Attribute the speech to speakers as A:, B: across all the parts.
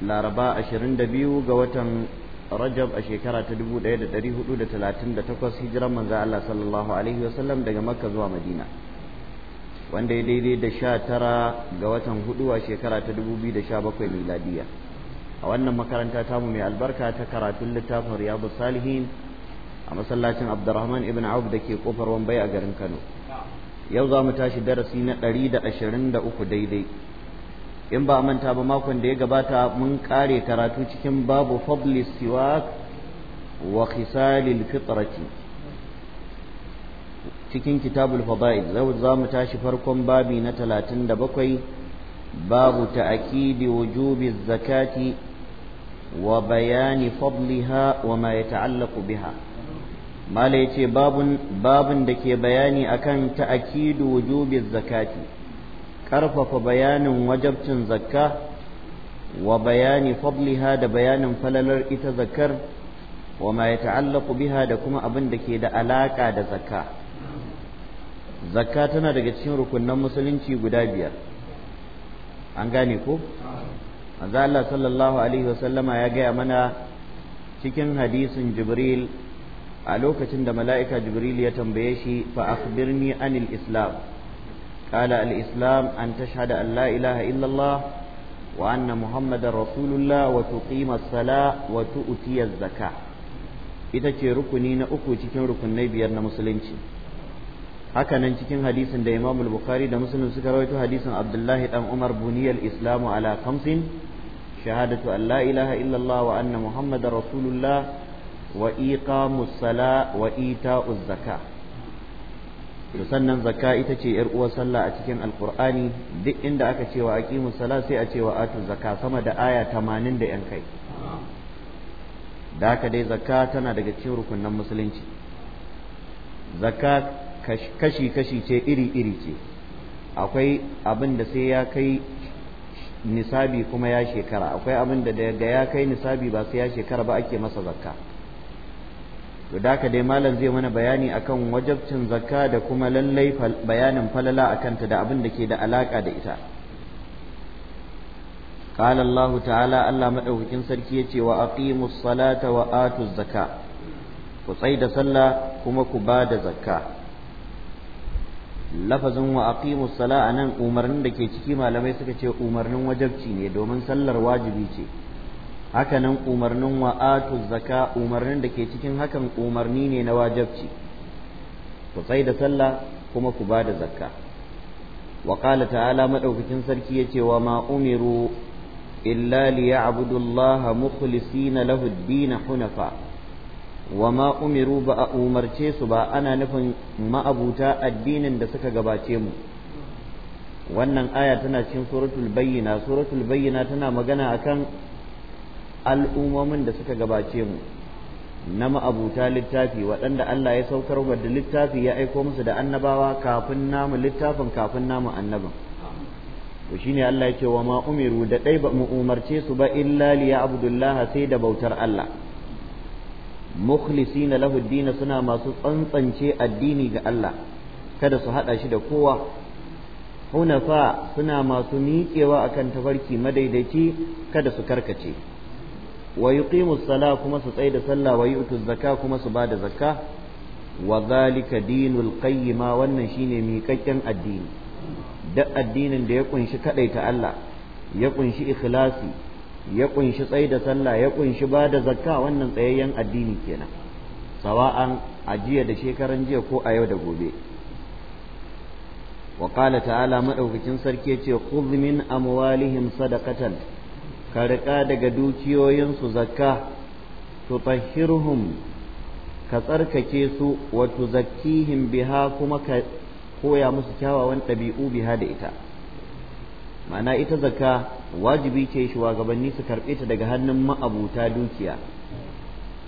A: laraba 22 ga watan rajab a shekara ta 1438 hijiran manzo Allah sallallahu alaihi wasallam daga makka zuwa madina wanda ya daidai da 19 ga watan hudu a shekara ta 2017 miladiya a wannan makaranta tamu mai albarka ta karatun littafin riyadu salihin a masallacin abdurrahman ibn auf da ke kofar wambai a garin kano yau za mu tashi darasi na 123 daidai in ba manta ba makon da ya gabata mun kare karatu cikin babu fadli siwak wa khisalil fitrati cikin kitabul fada'il za mu tashi farkon babi na 37 babu ta'kidi wujubi zakati wa bayani fadliha wa ma yata'allaqu biha mala yace babun babun da ke bayani akan ta'akidi wujubi zakati ƙarfafa bayanin wajabcin zakka wa bayani fadliha da bayanin falalar ita zakkar wa ma ya ta'allaku biha da kuma abin da ke da alaƙa da zakka zakka tana daga cikin rukunin musulunci guda biyar an gane ko manzo Allah sallallahu alaihi wasallama ya gaya mana cikin hadisin Jibril a lokacin da mala'ika Jibril ya tambaye shi fa akhbirni anil islam قال الإسلام أن تشهد أن لا إله إلا الله وأن محمد رسول الله وتقيم الصلاة وتؤتي الزكاة ita ce rukuni na uku cikin rukunai biyar na musulunci Hakanan cikin hadisin da imam bukhari da muslim suka rawaito hadisin abdullahi ɗan umar buniyal islamu ala khamsin shahadatu an ilaha illallah wa anna muhammadar rasulullah wa iqamus sala to sannan zakka ita ce yar uwar sallah a cikin alkur'ani, duk inda aka cewa aqimu sala sai a cewa atu zakka sama da aya 80 da yan kai da haka dai zakka tana daga cikin rukunin musulunci zakka kashi kashi ce iri iri ce akwai abin da sai ya kai nisabi kuma ya shekara akwai abin da da ya kai nisabi ba sai ya shekara ba ake masa zakka da ka dai malam zai mana bayani akan wajabcin zakka da kuma lallai bayanin falala akanta da abin da ke da alaka da ita Allah الله Sarki الله مدوكين سركي Salata, واقيموا الصلاه ku الزكاه da sallah kuma ku bada zakka lafazin wa aqimu a nan umarnin da ke ciki malamai suka ce umarnin wajabci ne domin sallar wajibi ce hakanan umarnin wa'atu zaka umarnin da ke cikin hakan umarni ne na wajabci ku tsai da sallah kuma ku ba da zakka wa qala ta'ala madaukakin sarki yace wa ma umiru illa liya'budu allaha mukhlisina lahu ad-din hunafa wa ma umiru ba a umarce su ba ana nufin ma'abuta addinin da suka gabace mu wannan aya tana cikin suratul bayyina suratul bayyina tana magana akan al'ummomin da suka gabace mu na ma'abuta littafi waɗanda Allah ya saukar wa da littafi ya aiko musu da annabawa kafin namu littafin kafin namu annabin to shine Allah ya ce wa ma umiru da ɗai ba mu umarce su ba illa li abdullah sai da bautar Allah mukhlisina na lahuddina suna masu tsantsance addini ga Allah kada su haɗa shi da kowa hunafa suna masu miƙewa akan tafarki madaidaici kada su karkace wa yuqimu kuma su tsaida da sallah wa yu'tu zakka kuma su bada zakka wa zalika dinul qayyima wannan shine miƙaƙƙen addini da addinin da ya kunshi kadaita Allah ya kunshi ikhlasi ya kunshi tsaida da sallah ya kunshi bada zakka wannan tsayayyen addini kenan sawa'an a jiya da shekaran jiya ko a yau da gobe wa qala ta'ala madaukakin sarki yace khudh min amwalihim sadaqatan ka riƙa daga su zakka tahhiruhum ka tsarkake su wa tuzakkihim biha kuma ka koya musu kyawawan ɗabi'u biha da ita ma'ana ita zakka wajibi ce shugabanni su karɓe ta daga hannun ma'abuta dukiya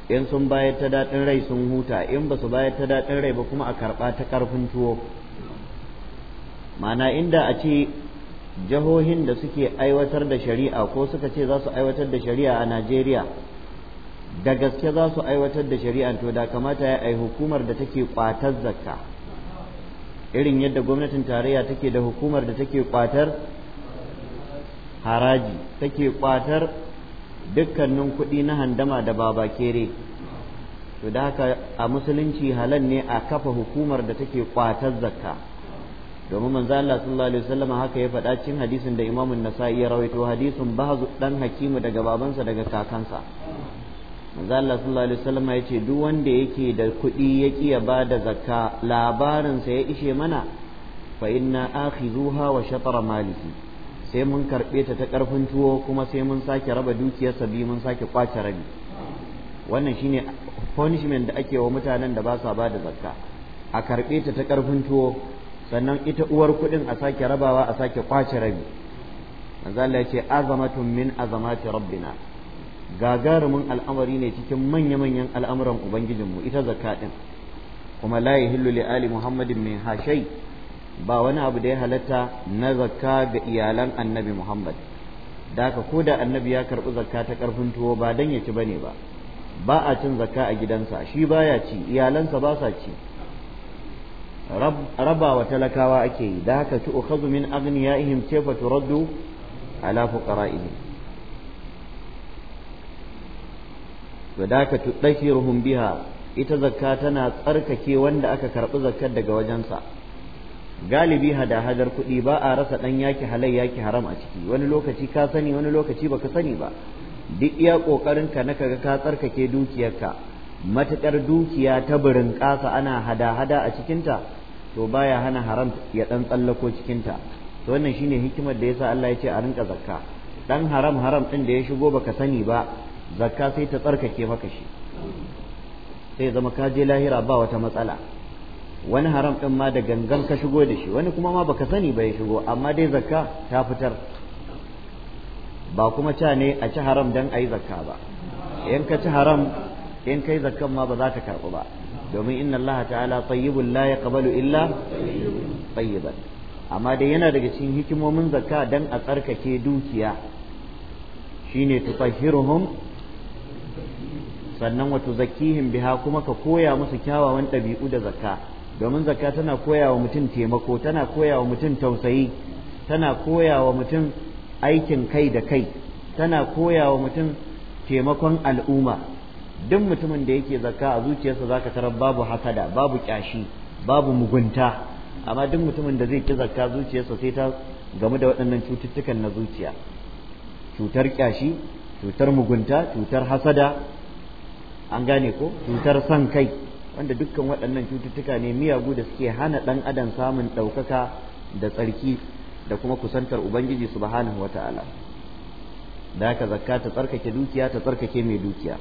A: in sun bayar ta daɗin rai sun huta in ba su bayar ta daɗin rai ba kuma a karɓa ta ƙarfin tuwo ma'ana inda a ce jihohin da suke aiwatar da shari'a ko suka ce za su aiwatar da shari'a a najeriya da gaske za su aiwatar da shari'a to da kamata ya ai hukumar da take kwatar zakka irin yadda gwamnatin tarayya take da hukumar da take kwatar haraji take kwatar dukkanin kuɗi na handama da baba kere to da haka a musulunci halan ne a kafa hukumar da take kwatar zakka domin manzo Allah sallallahu alaihi wasallam haka ya faɗa cikin hadisin da Imam nasai ya rawaito hadisin Bahzu dan Hakimu daga babansa daga kakansa manzo Allah sallallahu alaihi wasallam ya ce duk wanda yake da kuɗi ya ki ya bada zakka labarin sa ya ishe mana fa inna akhizuha wa shatara maliki sai mun karbe ta ta karfin tuwo kuma sai mun sake raba dukiyarsa biyu mun sake kwace rabi wannan shine punishment da ake wa mutanen da ba sa bada zakka a karbe ta ta karfin tuwo sannan ita uwar kuɗin a sake rabawa a sake kwace rabi manzo Allah ya ce azamatun min azamati rabbina gagarumin al'amari ne cikin manya-manyan al'amuran ubangijinmu ita zakka din kuma la yahillu li ali muhammadin min hashai ba wani abu da ya halatta na zakka ga iyalan annabi muhammad da ka ko da annabi ya karɓi zakka ta karfin tuwo ba dan ya ci bane ba ba a cin zakka a gidansa shi baya ci iyalansa ba sa ci raba wa talakawa ake yi da haka tu'khadhu min aghniyaihim kayfa turaddu ala fuqara'ihim wa tudakhiruhum biha ita zakka tana tsarkake wanda aka karbi zakkar daga wajensa galibi hada-hadar kuɗi ba a rasa ɗan yaki halai yaki haram a ciki wani lokaci ka sani wani lokaci baka sani ba duk iya ka na kaga ka tsarkake dukiyarka matukar dukiya ta burin ƙasa ana hada-hada a cikinta to baya hana haram ya ɗan tsallako cikinta to wannan ne hikimar da yasa Allah ya ce a rinka zakka dan haram haram ɗin da ya shigo baka sani ba zakka sai ta tsarkake maka shi sai zama ka je lahira ba wata matsala wani haram ɗin ma da gangan ka shigo da shi wani kuma ma baka sani ba ya shigo amma dai zakka ta fitar ba kuma ca ne a ci haram dan a yi zakka ba in ka ci haram in kai zakkan ma ba za ta karɓu ba domin inna Allah ta'ala tayyibun la yaqbalu illa tayyiban amma dai yana daga cikin hikimomin zakka dan a tsarkake dukiya shine tutahhiruhum sannan wa tuzakkihim biha kuma ka koya musu kyawawan ɗabi'u da zakka domin zakka tana koya wa mutum taimako tana koya wa mutum tausayi tana koya wa mutum aikin kai da kai tana koya wa mutum taimakon al'umma duk mutumin da yake zakka a zuciyarsa zaka tarar babu hasada babu kyashi babu mugunta amma duk mutumin da zai ki zakka zuciyarsa sai ta game da waɗannan cututtukan na zuciya cutar kyashi cutar mugunta cutar hasada an gane ko cutar son kai wanda dukkan waɗannan cututtuka ne miyagu da suke hana ɗan adam samun ɗaukaka da tsarki da kuma kusantar ubangiji subhanahu wataala da haka zakka ta tsarkake dukiya ta tsarkake mai dukiya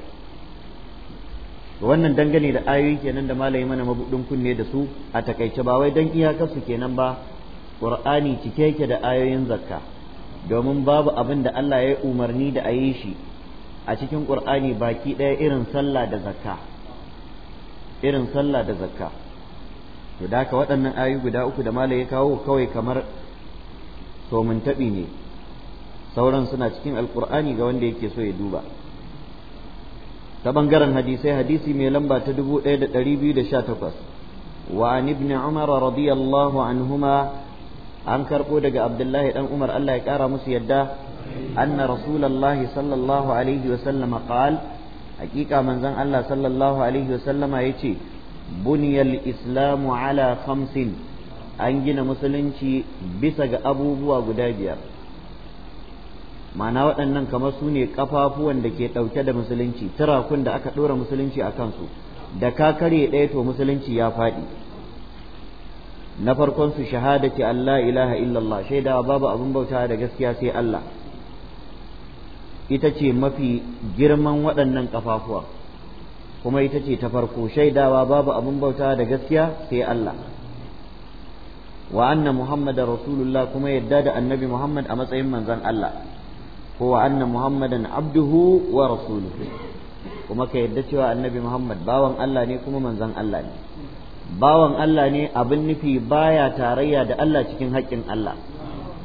A: wannan dangane da ayoyi kenan da malami mana mabudin kunne da su a takaice ba wai dan iyakar su kenan ba qur'ani cike yake da ayoyin zakka domin babu abin da Allah ya yi umarni da a yi shi a cikin qur'ani baki ɗaya irin sallah da zakka irin sallah da zakka to da haka waɗannan ayoyi guda uku da malami ya kawo kawai kamar to mun taɓi ne sauran suna cikin alqur'ani ga wanda yake so ya duba ta bangaren hadisai hadisi mai lamba ta dubu da 1218 wa an ibn umar radiyallahu anhuma an karbo daga abdullahi dan umar Allah ya kara musu yadda anna rasulullahi sallallahu alaihi wa sallama qal hakika manzon Allah sallallahu alaihi wa sallama yace buniyal islamu ala khamsin an gina musulunci bisa ga abubuwa guda biyar ma'ana waɗannan kamar su ne kafafuwan da ke ɗauke da musulunci turakun da aka ɗora musulunci a kansu da ka karye ɗaya to musulunci ya faɗi na farkon su shahada ce Allah ilaha illallah shaidawa babu abin bauta da gaskiya sai Allah ita ce mafi girman waɗannan kafafuwa kuma ita ce ta farko shaidawa babu abin bauta da gaskiya sai Allah wa anna muhammadar rasulullah kuma yadda da annabi muhammad a matsayin manzon Allah ko wa anna muhammadan abduhu wa rasuluhu kuma ka yadda cewa annabi muhammad bawan Allah ne kuma manzon Allah ne bawan Allah ne abin nufi baya tarayya da Allah cikin haƙƙin Allah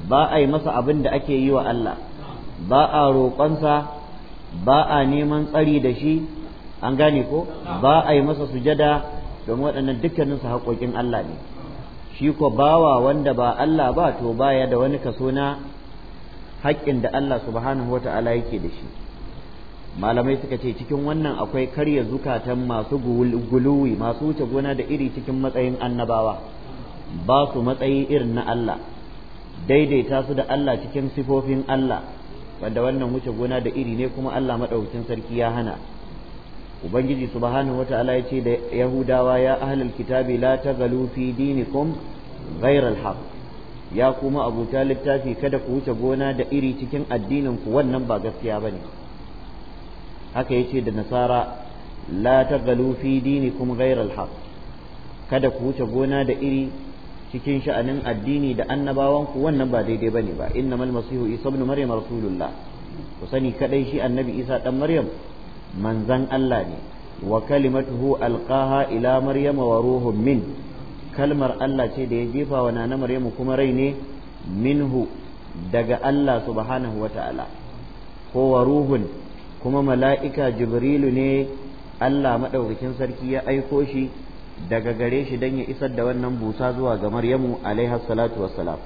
A: ba a yi masa abin da ake yi wa Allah ba a roƙonsa ba a neman tsari da shi an gane ko ba a yi masa sujada don waɗannan dukkaninsu haƙoƙin Allah ne shi ko bawa wanda ba Allah ba to baya da wani kaso na haƙƙin da Allah subhanahu wata'ala yake da shi malamai suka ce cikin wannan akwai karya zukatan masu guluwi masu wuce gona da iri cikin matsayin annabawa ba su matsayi irin na Allah daidaita su da Allah cikin sifofin Allah wanda wannan wuce gona da iri ne kuma Allah maɗaukin sarki ya hana ubangiji subhanahu wata'ala ya ce da yahudawa ya ahlul kitabi la tagalu fi dinikum ghayra al ya kuma abuta littafi kada ku wuce gona da iri cikin addinin ku wannan ba gaskiya ne haka ce da nasara la tagalu fi dini kuma al-haq kada ku wuce gona da iri cikin sha'anin addini da annabawan ku wannan ba daidai ne ba innamal masihu isa ibn maryam rasulullah ku sani kadai shi annabi isa dan maryam manzan Allah ne wa kalimatuhu alqaha ila maryama wa ruhun min kalmar Allah ce da ya jefa wa nana Maryamu kuma rai ne minhu daga Allah subhanahu wata'ala ko wa ruhun kuma mala'ika Jibrilu ne Allah maɗaukakin sarki ya aiko shi daga gare shi don ya isar da wannan busa zuwa ga Maryamu alaiha salatu wassalam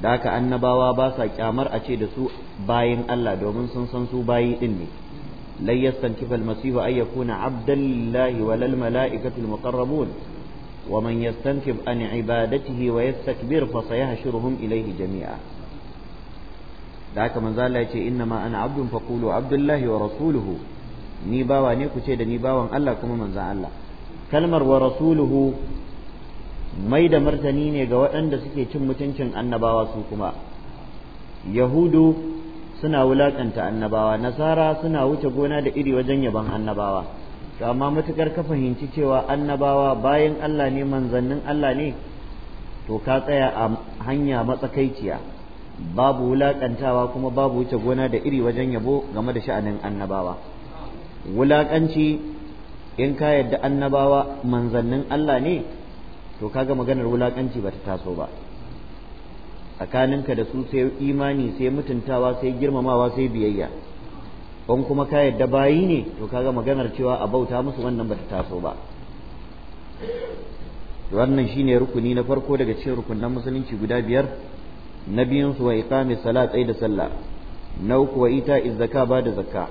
A: da ka annabawa ba sa kyamar a ce da su bayin Allah domin sun san su bayi ɗin ne لن يستنكف المسيح أن يكون عبدا لله ولا الملائكة المقربون ومن يستنكف عن عبادته ويستكبر فسيحشرهم إليه جميعا ذاك من ذا الله إنما أنا عبد فقولوا عبد الله ورسوله ni bawa ne ku ce da ni bawan Allah kuma manzan Allah kalmar wa rasuluhu mai da martani ne ga waɗanda suke cin mutuncin annabawa su kuma yahudu suna wulakanta annabawa nasara suna wuce gona da iri wajen yaban annabawa to amma matukar ka fahimci cewa annabawa bayan Allah ne manzannin Allah ne to ka tsaya a hanya matsakaiciya babu wulakantawa kuma babu wuce gona da iri wajen yabo game da sha'anin annabawa wulakanci in ka yadda annabawa manzannin Allah ne to kaga maganar wulakanci bata taso ba tsakaninka da su sai imani sai mutuntawa sai girmamawa sai biyayya in kuma ka yadda bayi ne to kaga maganar cewa a bauta musu wannan bata taso ba wannan shine rukuni na farko daga cikin rukunan musulunci guda biyar na biyun su wa iqami salat da sallah na uku wa ita zakka ba da zakka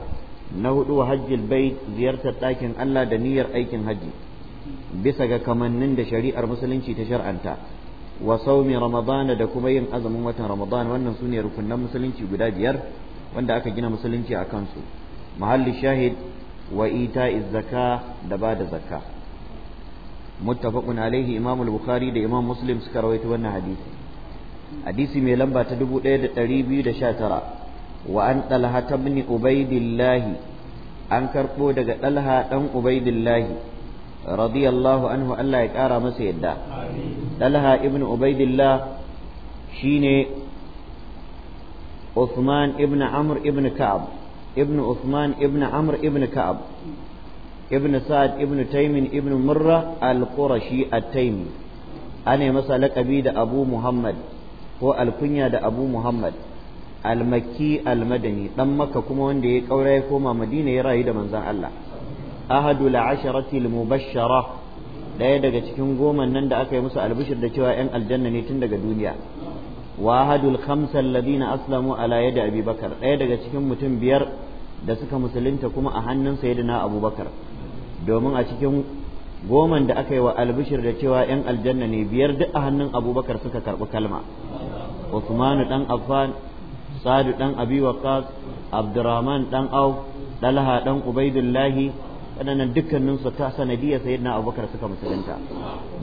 A: na hudu wa hajjil bait ziyartar dakin Allah da niyyar aikin haji bisa ga kamannin da shari'ar musulunci ta shar'anta wa saumi ramadana da kuma yin azumin watan ramadan wannan su ne rukunan musulunci guda biyar wanda aka gina musulunci a kansu mahalli shahid wa ita zaka da ba da zakka muttafaqun alaihi imam al-bukhari da imam muslim suka rawaito wannan hadisi hadisi mai lamba ta 1219 wa an talha ibn ubaidillah an karbo daga ɗalha dan ubaidillahi radiyallahu anhu Allah ya ƙara masa yadda Dalha ibn Ubaidillah shine Uthman ibn Amr ibn ibn Uthman ibn Amr ibn Ka'ab ibn Sa'ad ibn Taymin ibn Murra al-Qurashi at-Taymi ana masa laƙabi da Abu Muhammad ko alkunya da Abu Muhammad al-Makki dan Makka kuma wanda ya kaura ya koma Madina ya rayu da manzon Allah ahadul asharatil mubashshara ɗaya daga cikin goman nan da aka yi musu albishir da cewa ‘yan aljanna ne tun daga duniya wa ahadul khamsal ladina aslamu ala yadi abubakar ɗaya daga cikin mutum biyar da suka musulunta kuma a hannun sayyidina abubakar domin a cikin goman da aka yi wa albishir da cewa ‘yan aljanna ne biyar duk a hannun abubakar suka karɓi kalma usmanu dan affan sadu dan abi waqas abdurrahman dan auf ɗalha ɗan ubaidullahi waɗannan dukkaninsu ta sanadiyar na abubakar suka musulunta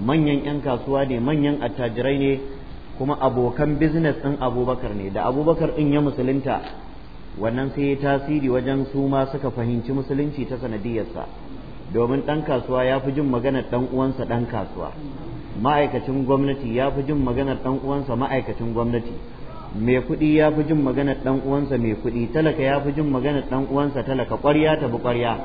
A: manyan 'yan kasuwa ne manyan attajirai ne kuma abokan biznes ɗin abubakar ne da abubakar ɗin ya musulunta wannan sai ya tasiri wajen su ma suka fahimci musulunci ta sanadiyarsa domin ɗan kasuwa ya fi jin maganar ɗan uwansa ɗan kasuwa ma'aikacin gwamnati ya fi jin maganar ɗan uwansa ma'aikacin gwamnati mai kuɗi ya fi jin maganar ɗan uwansa mai kuɗi talaka ya fi jin maganar ɗan uwansa talaka ƙwarya ta bi ƙwarya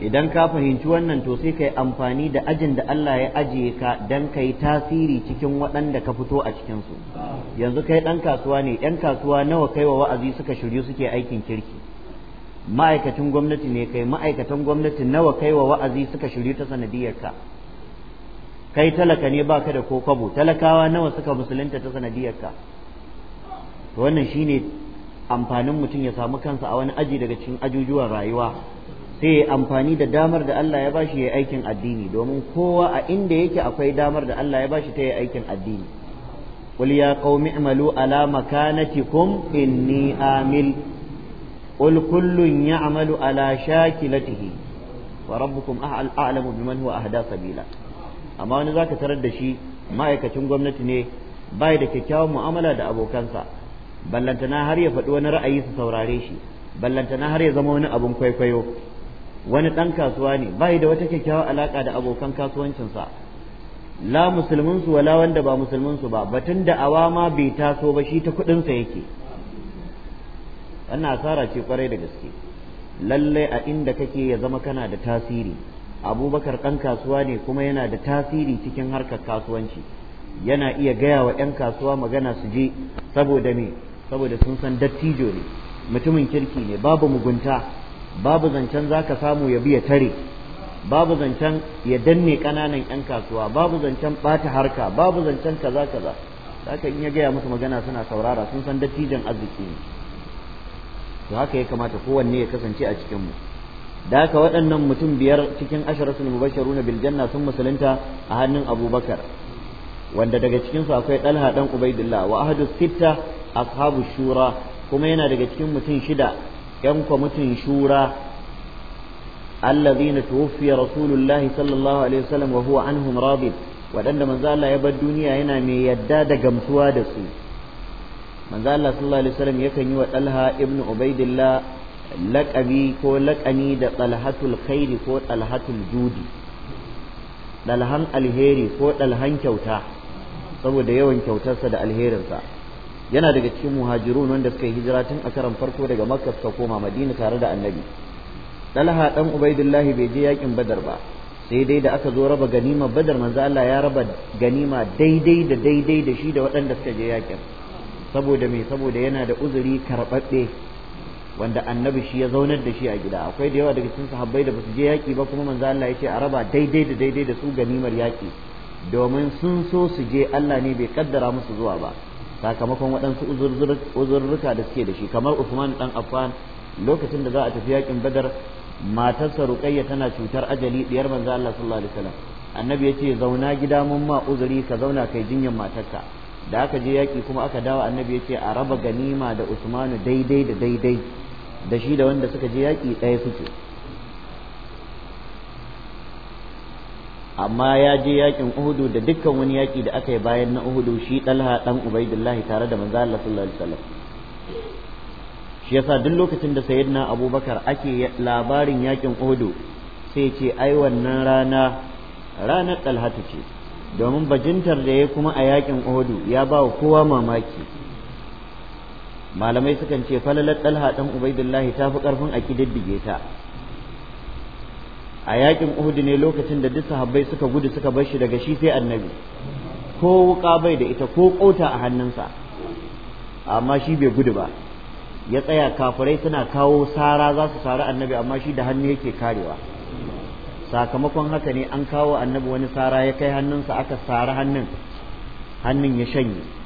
A: idan ka fahimci wannan to sai ka yi amfani da ajin da Allah ya ajiye ka dan kai tasiri cikin waɗanda ka fito a cikinsu. yanzu kai ɗan kasuwa ne ɗan kasuwa nawa kai wa wa'azi suka shirye suke aikin kirki ma'aikacin gwamnati ne kai ma'aikatan gwamnati nawa kai wa wa'azi suka shiryu ta sanadiyar ka kai talaka ne baka da ko kwabo talakawa nawa suka musulunta ta sanadiyarka wannan shine amfanin mutum ya samu kansa a wani aji daga cikin ajujuwan rayuwa sai ya amfani da damar da Allah ya bashi ya aikin addini domin kowa a inda yake akwai damar da Allah ya bashi ta yi aikin addini qul ya qaumi i'malu ala makanatikum inni amil qul kullun ya'malu ala shakilatihi wa rabbukum a'lamu biman huwa ahda sabila amma wani za zaka tarar da shi ma'aikacin gwamnati ne bai da kyakkyawan mu'amala da abokansa ballantana har ya faɗi wani ra'ayi su saurare shi ballantana har ya zama wani abun kwaikwayo wani ɗan kasuwa ne bai da wata kyakkyawar alaƙa da abokan kasuwancinsa la musulminsu wala wanda ba musulminsu ba batun da awa ma bai taso ba shi ta kuɗinsa yake wannan asara ce kwarai da gaske lallai a inda kake ya zama kana da tasiri abubakar ɗan kasuwa ne kuma yana da tasiri cikin harkar kasuwanci yana iya gaya wa 'yan kasuwa magana su je saboda me saboda sun san dattijo ne mutumin kirki ne babu mugunta babu zancen za ka samu ya biya tare babu zancen ya danne ƙananan 'yan kasuwa babu zancen ɓata harka babu zancen kaza kaza haka in ya gaya musu magana suna saurara sun san dattijan arziki ne to haka ya kamata kowanne ya kasance a cikin mu da haka waɗannan mutum biyar cikin sun mubashiruna bil janna sun musulunta a hannun abubakar wanda daga cikinsu akwai ɗalha ɗan ubaidillah wa ahadu sitta ashabu shura kuma yana daga cikin mutum shida ƴan kwamitin shura allazina tuwfiya rasulullahi sallallahu alaihi wasallam wa huwa anhum radid waɗanda manzo Allah ya bar duniya yana mai yadda da gamsuwa da su manzo Allah sallallahu alaihi wasallam yakan yi wa ɗalha ibnu ubaidillah laƙabi ko laƙani da ɗalhatul khairi ko ɗalhatul judi ɗalhan alheri ko ɗalhan kyauta saboda yawan kyautarsa da alherinsa yana daga cikin muhajirun wanda suka yi hijira tun a karan farko daga makka suka koma madina tare da annabi ɗalha ɗan ubaidullahi bai je yakin badar ba sai dai da aka zo raba ganima badar manzo Allah ya raba ganima daidai da daidai da shi da waɗanda suka je yakin saboda me saboda yana da uzuri karɓaɓɓe wanda annabi shi ya zaunar da shi a gida akwai da yawa daga cikin sahabbai da basu je yaki ba kuma manzo Allah ya ce a raba daidai da daidai da su ganimar yaki domin sun so su je Allah ne bai kaddara musu zuwa ba sakamakon waɗansu uzurruka da suke da shi kamar Usman dan Affan lokacin da za a tafi yakin Badar matarsa Ruqayya tana cutar ajali diyar manzo Allah sallallahu alaihi wasallam annabi ya ce zauna gida mun ma uzuri ka zauna kai jinyar matarka da aka je yaki kuma aka dawo annabi ya ce a raba ganima da Usmanu daidai da daidai da shi da wanda suka je yaƙi ɗaya suke amma ya je yaƙin uhudu da dukkan wani yaƙi da aka yi bayan na uhudu shi ɗalha ɗan ubaidullahi tare da manzo Allah sallallahu alaihi Shi shi yasa duk lokacin da sayyidina abubakar ake labarin yaƙin uhudu sai ce ai wannan rana ranar ɗalhatu ce domin bajintar da ya kuma a yaƙin uhudu ya ba wa kowa mamaki malamai sukan ce falalar ɗalha ɗan ubaidullahi ta fi ƙarfin a ƙididdige ta a yakin uhud ne lokacin da duk sahabbai suka gudu suka bar shi daga shi sai annabi ko wuƙa bai da ita ko ƙota a hannunsa amma shi bai gudu ba ya tsaya kafirai suna kawo sara za su sari annabi amma shi da hannu yake karewa sakamakon haka ne an kawo annabi wani sara ya kai hannunsa aka sari hannun hannun ya shanye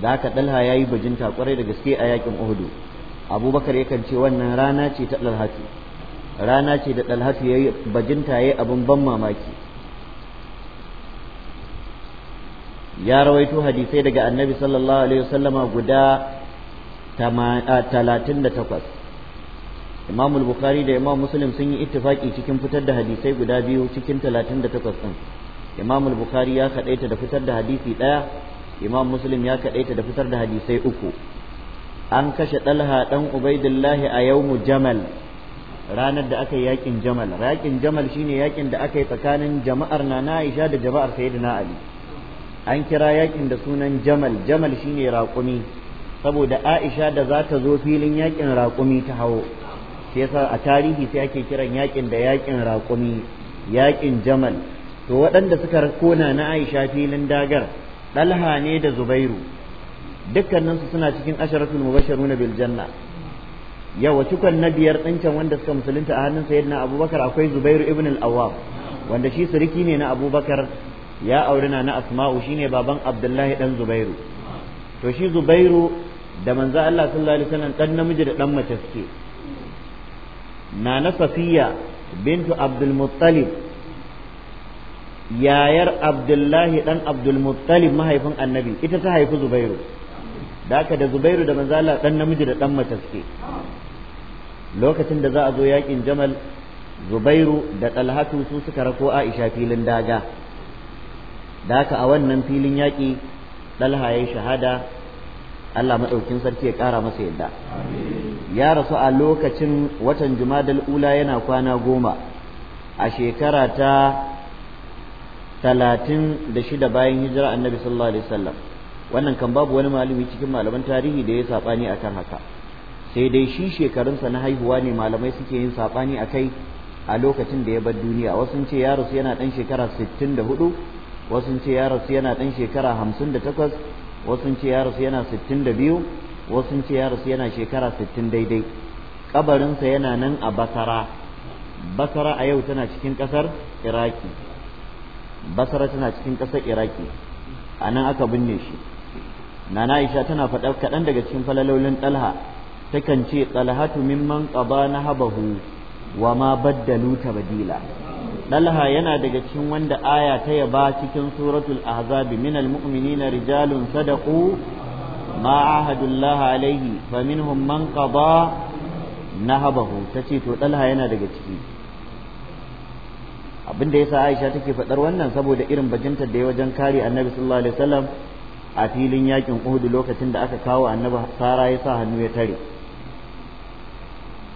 A: da haka dalha yayi bajinta kwarai da gaske a yakin uhudu abubakar yakan ce wannan rana ce ta dalhatu rana ce da ya yayi bajinta yayi abin ban mamaki ya rawaito hadisai daga annabi sallallahu alaihi wasallama guda talatin da takwas imam bukhari da imam muslim sun yi ittifaki cikin fitar da hadisai guda biyu cikin talatin da takwas ɗin imam bukhari ya kaɗaita da fitar da hadisi ɗaya imam muslim ya kaɗaita da fitar da hadisai uku an kashe ɗalha ɗan ubaidullahi a yau jamal ranar da aka yi yakin jamal yakin jamal shine yakin da aka yi tsakanin jama'ar na aisha da jama'ar sayyidina ali an kira yakin da sunan jamal jamal shine raƙumi saboda aisha da za ta zo filin yakin raƙumi ta hawo sai yasa a tarihi sai ake kiran yakin da yakin raƙumi yaƙin jamal to waɗanda suka kona na aisha filin dagar ɗalha ne da zubairu dukkaninsu suna cikin asharatul mubashiruna bil janna yawa cikon na biyar ɗincan wanda suka musulunta a hannun sayyidina abubakar akwai zubairu ibn al-awwam wanda shi suriki ne na abubakar ya auri na asma'u shine baban abdullahi dan zubairu to shi zubairu da manzo Allah sallallahu alaihi wasallam dan namiji da dan mace suke na na safiya bintu abdul muttalib yayar abdullahi dan abdulmuttalib mahaifin annabi ita ta haifi zubairu da aka da zubairu da manzala dan namiji da dan mace suke lokacin da za a zo yakin jamal zubairu da talhatu su suka rako aisha filin daga da aka a wannan filin yaƙi ɗalha ya shahada allah maɗaukin sarki ya ƙara masa yadda ya rasu a lokacin watan jumadal ula yana kwana goma a shekara ta talatin da shida bayan hijira annabi sallallahu alaihi wasallam wannan kan babu wani malami cikin malaman tarihi da ya saɓani akan haka sai dai shi shekarunsa na haihuwa ne malamai suke yin saɓani a kai a lokacin da ya bar duniya wasu ce ya rasu yana ɗan shekara sittin da hudu wasu ce ya rasu yana ɗan shekara hamsin da takwas wasu ce ya rasu yana sittin da biyu wasu ce ya rasu yana shekara sittin daidai kabarinsa yana nan a basara basara a yau tana cikin ƙasar iraki basra tana cikin ƙasar iraki a nan aka binne shi nana aisha tana faɗa kaɗan daga cikin falalolin ɗalha takan ce ɗalhatu mimman ƙaba na habahu wa ma baddalu badila ɗalha yana daga cikin wanda aya ta yaba cikin suratul ahzabi minal mu'minina rijalun sadaqu ma ahadullahi alaihi faminhum man qada nahabahu tace to ɗalha yana daga ciki abin da yasa Aisha take faɗar wannan saboda irin bajintar da ya wajen kare Annabi sallallahu alaihi wasallam a filin yakin Uhud lokacin da aka kawo Annabi Sara ya sa hannu ya tare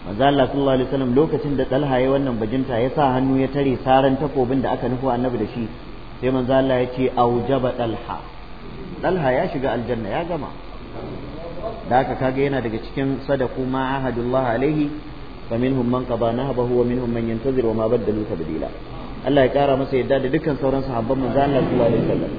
A: manzo Allah sallallahu alaihi wasallam lokacin da Talha ya wannan bajinta ya sa hannu ya tare saran takobin da aka nufo Annabi da shi sai manzo Allah ya ce aujaba Talha Talha ya shiga aljanna ya gama
B: da haka kaga yana daga
A: cikin sadaku ma ahadullah alaihi fa minhum man qada nahbahu wa minhum man yantazir wa ma badalu tabdila Allah ya kara masa yadda da dukkan sauran sahabban manzo Allah sallallahu alaihi wasallam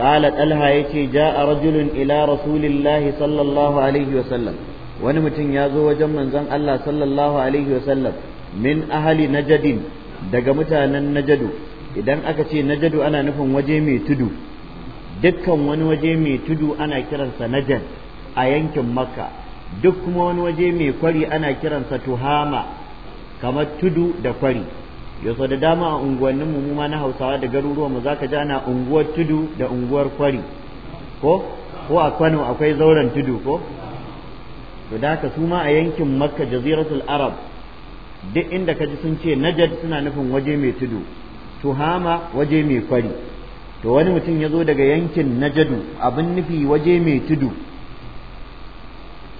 A: qala talha yace jaa rajulun ila rasulillahi sallallahu alaihi wasallam wani mutum ya zo wajen manzon Allah sallallahu alaihi wasallam min ahli najadin daga mutanen najadu idan aka ce najadu ana nufin waje mai tudu dukkan wani waje mai tudu ana kiransa najad a yankin makka duk kuma wani waje mai kwari ana kiransa tuhama kamar tudu da kwari yaso da dama a unguwannin mu ma na Hausawa da garuruwan mu zaka ji ana unguwar tudu da unguwar kwari ko ko a Kano akwai zauren tudu ko to da haka su ma a yankin Makka jaziratul Arab duk inda ka ji sun ce Najd suna nufin waje mai tudu hama waje mai kwari to wani mutum ya zo daga yankin Najadu abin nufi waje mai tudu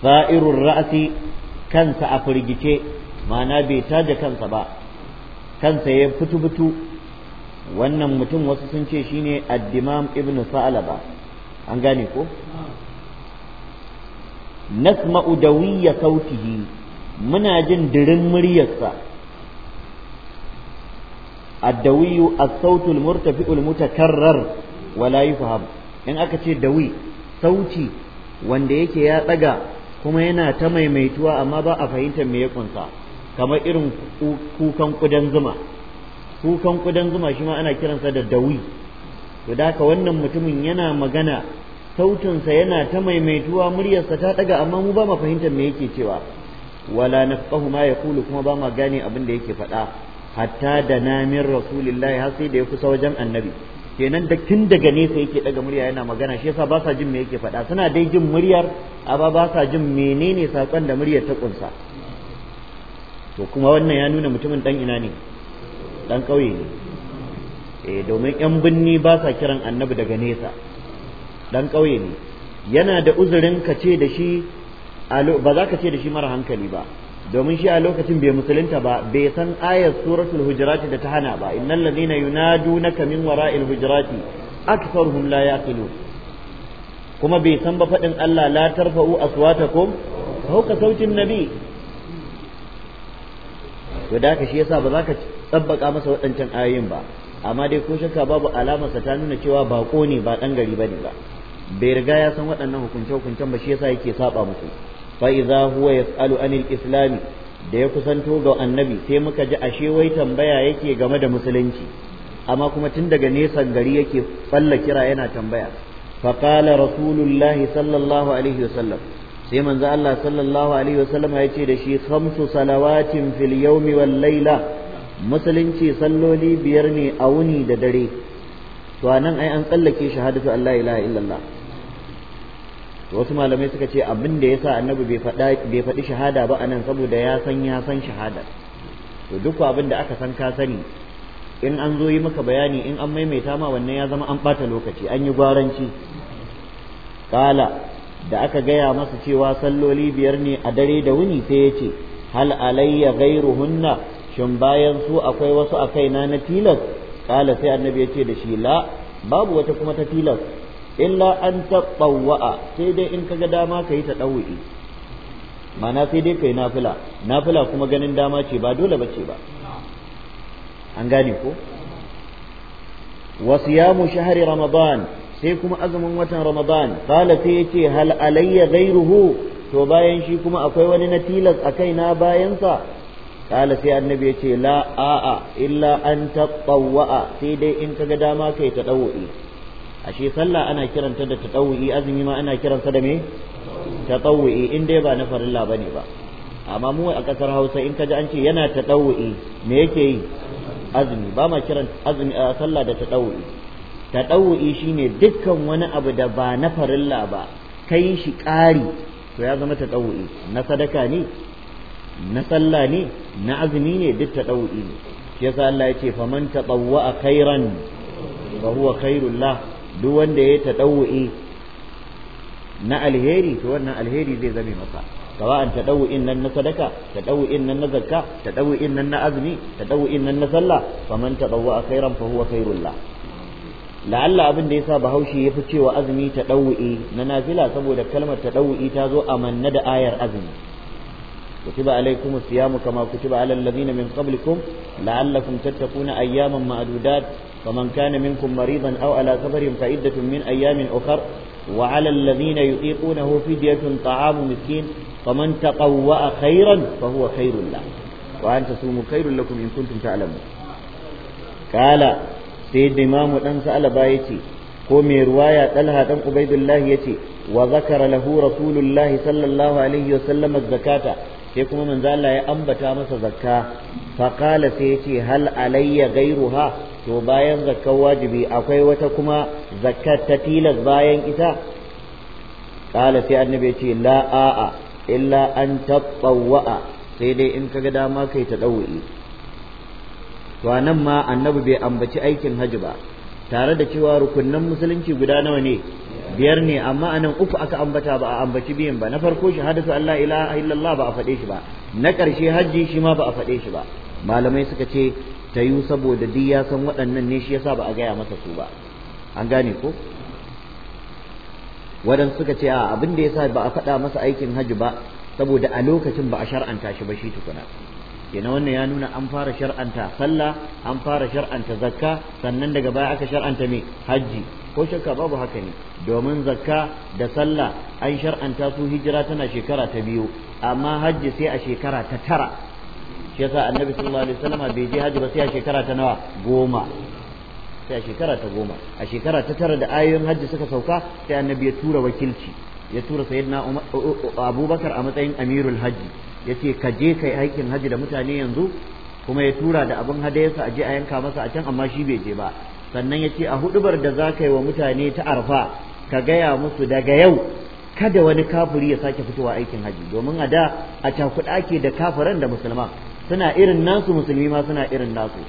A: fa'irun ra'asi kansa a firgice ma'ana bai taje kansa ba kansa ya fitu-fitu wannan mutum wasu sun ce shine addimam ibnu salaba an gane ko nasma'u udawiyya sautihi muna jin dirin muryarsa addawiyu as-sautu al-murtafi'u al-mutakarrar wa la yufham in aka ce dawi sauti wanda yake ya tsaga kuma yana ta maimaituwa amma ba a fahimtar me ya kunsa kamar irin kukan kudan zuma kukan kudan zuma shi ma ana kiransa da dawi to da haka wannan mutumin yana magana sautinsa yana ta maimaituwa muryarsa ta daga amma mu ba ma fahimtar me yake cewa wala nafqahu ma yaqulu kuma ba ma gane abin da yake faɗa hatta da namin rasulillahi har sai da ya kusa wajen annabi kenan da tun daga nesa yake daga murya yana magana shi yasa ba sa jin me yake faɗa suna dai jin muryar amma ba sa jin menene sakon da muryar ta kunsa to kuma wannan ya nuna mutumin dan ina ne dan ƙauye ne eh domin yan binni ba sa kiran annabi daga nesa dan ƙauye ne yana da uzurin ka ce da shi ba za ka ce da shi mara hankali ba domin shi a lokacin bai musulunta ba bai san ayar suratul hujurati da ta hana ba innal ladina yunadunaka min wara'il hujurati aktharuhum la yaqilun kuma bai san ba faɗin Allah la tarfa'u aswatakum ka sautin nabi to da haka shi yasa ba za ka tsabbaka masa waɗancan ayoyin ba amma dai ko shakka babu alamarsa ta nuna cewa bako ne ba ɗan gari bane ba bai riga ya san waɗannan hukunce hukuncen ba shi yasa yake saba muku. fa idza huwa yasalu anil islami da ya kusanto ga annabi sai muka ji ashe wai tambaya yake game da musulunci amma kuma tun daga nesan gari yake falla kira yana tambaya qala rasulullahi sallallahu alaihi wasallam sai manzo Allah sallallahu alaihi wasallam ya ce da shi khamsu salawatin fil yawmi wal layla musulunci salloli biyar ne a wuni da dare to anan ai an tsallake shahadatu Allah ilaha illallah wasu malamai suka ce abin da yasa annabi bai faɗa bai faɗi shahada ba anan saboda ya san ya san shahada to duk abin da aka san ka sani in an zo yi maka bayani in an maimaita ma wannan ya zama an ɓata lokaci an yi gwaranci qala da aka gaya masa cewa salloli biyar ne a dare da wuni sai ya ce hal alayya ruhunna. shin bayan su akwai wasu a kaina na tilas kala sai annabi ya ce da shi la babu wata kuma ta tilas illa an taɓawa'a sai dai in kaga dama ka yi ta ɗau'i mana sai dai ka nafila nafila kuma ganin dama ce ba dole bace ba an gane ko wasu yamu shahari ramadan sai kuma azumin watan ramadan qala sai yace hal alayya ruhu. to bayan shi kuma akwai wani na tilas a kaina bayansa qala sai annabi yace la a'a illa an tatawwa sai dai in kaga dama kai ta dawu'i ashe sallah ana kiranta da tatawu'i azumi ma ana kiransa da me tatawu'i in dai ba na farilla bane ba amma mu a kasar Hausa in kaji an ce yana tatawu'i me yake yi azumi ba ma kiran azumi sallah da tatawu'i taɗawu'i ne dukkan wani abu da ba na farilla ba kai shi ƙari to ya zama taɗawu'i na sadaka ne na sallah ne na azumi ne duk taɗawu'i ne shi yasa Allah ya ce faman taɗawwa'a khairan fa huwa khairul lah duk wanda ya taɗawu'i na alheri to wannan alheri zai zame masa an taɗawu'in nan na sadaka taɗawu'in nan na zakka taɗawu'in nan na azumi taɗawu'in nan na sallah faman taɗawwa'a khairan fa huwa khairul lah la'alla abin da yasa bahaushe ya fi cewa azumi ta ɗau'i na nafila saboda kalmar ta ɗau'i ta zo a manne da ayar azumi kutiba alaikum siyamu kama kutiba alal ladina min qablikum la'allakum tattaquna ayyaman ma'dudat faman kana minkum maridan aw ala safarin fa iddatun min ayyamin ukhra wa 'ala alladhina yutiqunahu fidyatun ta'amu miskin faman taqawwa khairan fa huwa khairul lahu wa an tasumu khairul lakum in kuntum ta'lamun kala. sai dimamu dan sa'alaba yace ko mai ruwaya ɗalha dan ubaidullah yace wa zakara lahu rasulullah sallallahu alaihi wasallam zakata sai kuma manzo Allah ya ambata masa zakka fa qala sai ce hal alayya ghayruha to bayan zakkar wajibi akwai wata kuma zakkat ta tilas bayan ita qala sai annabi yace la a'a illa an tatawwa sai dai in kaga dama kai ta dawo'i to nan ma annabi bai ambaci aikin hajji ba tare da cewa rukunnan musulunci guda nawa ne biyar ne amma anan uku aka ambata ba a ambaci biyan ba na farko shahadatu Allah ilaha illallah ba a faɗe shi ba na ƙarshe hajji shi ma ba a faɗe shi ba malamai suka ce ta yi saboda duk ya san waɗannan ne shi yasa ba a gaya masa su ba an gane ko waɗansu suka ce a abin da yasa ba a faɗa masa aikin hajji ba saboda a lokacin ba a shar'anta shi ba shi tukuna kenan wannan ya nuna an fara shar'anta sallah an fara shar'anta zakka sannan daga baya aka shar'anta me hajji ko shakka babu haka ne domin zakka da sallah an shar'anta su hijira tana shekara ta biyu amma hajji sai a shekara ta tara shi yasa annabi sallallahu alaihi wasallam bai je hajji ba sai a shekara ta nawa goma sai a shekara ta goma a shekara ta tara da ayoyin hajji suka sauka sai annabi ya tura wakilci ya tura sayyidina abubakar a matsayin amirul hajji ya ce ka je kai aikin hajji da mutane yanzu kuma ya tura da abin hadayarsa a je a yanka masa a can amma shi bai je ba sannan ya ce a hudubar da za ka yi wa mutane ta arfa ka gaya musu daga yau kada wani kafiri ya sake fitowa aikin haji domin a da a cakuɗa ake da kafiran da musulma suna irin nasu musulmi ma suna irin nasu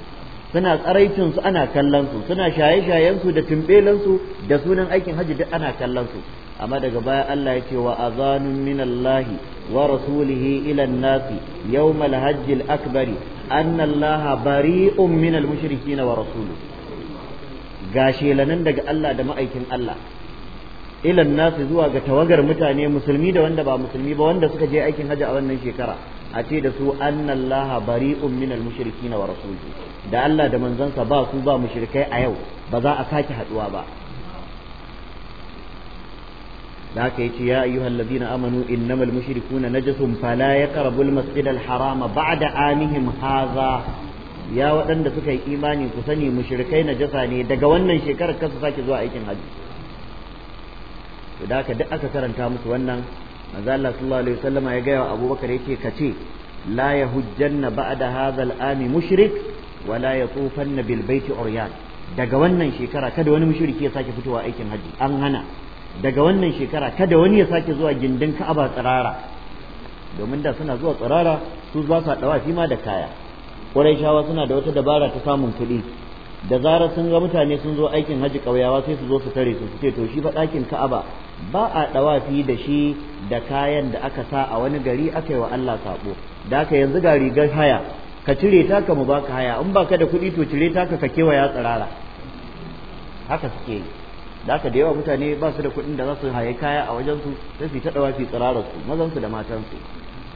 A: suna tsaraicin su ana kallon su suna shaye-shayen su da tumbelan su da sunan aikin haji duk ana kallon su amma daga baya Allah yake wa azanun minallahi wa rasulihi ila nasi yawmal hajjil akbari anna Allah bari'un minal mushrikin wa rasuluhu ga shelanan daga Allah da ma'aikin Allah ilan nasi zuwa ga tawagar mutane musulmi da wanda ba musulmi ba wanda suka je aikin hajji a wannan shekara a ce da su anna Allah bari'un minal mushrikin wa rasuluhu da Allah da manzansa ba su ba mushrikai a yau ba za a sake haduwa ba da yi ce ya ayyuhal ladina amanu innamal mushrikuna najasun fala yaqrabul masjidal harama ba'da amihim haza ya waɗanda suka yi imani ku sani mushrikai najasa ne daga wannan shekarar kasu sake zuwa aikin hajji to da haka duk aka karanta musu wannan manzo Allah sallallahu alaihi wasallam ya ga Abubakar yake kace la yahujjanna ba'da hadha al-ami mushrik wa la yatufanna bil baiti uryan daga wannan shekara kada wani mushriki ya sake fitowa aikin hajji an hana daga wannan shekara kada wani ya sake zuwa gindin ka'aba tsirara domin da suna zuwa tsirara su ba su ma da kaya shawa suna da wata dabara ta samun kuɗi da zarar sun ga mutane sun zo aikin haji ƙauyawa sai su zo su tare su su ce to shi fa ɗakin ka'aba ba a ɗawafi da shi da kayan da aka sa a wani gari aka yi wa Allah saɓo da aka yanzu ga rigar haya ka cire taka mu baka haya in baka da kuɗi to cire taka ka kewaya tsirara haka suke da aka da yawa mutane ba su da kuɗin da za su haye kaya a wajen su sai su ta dawa tsirarar su mazan su da matan su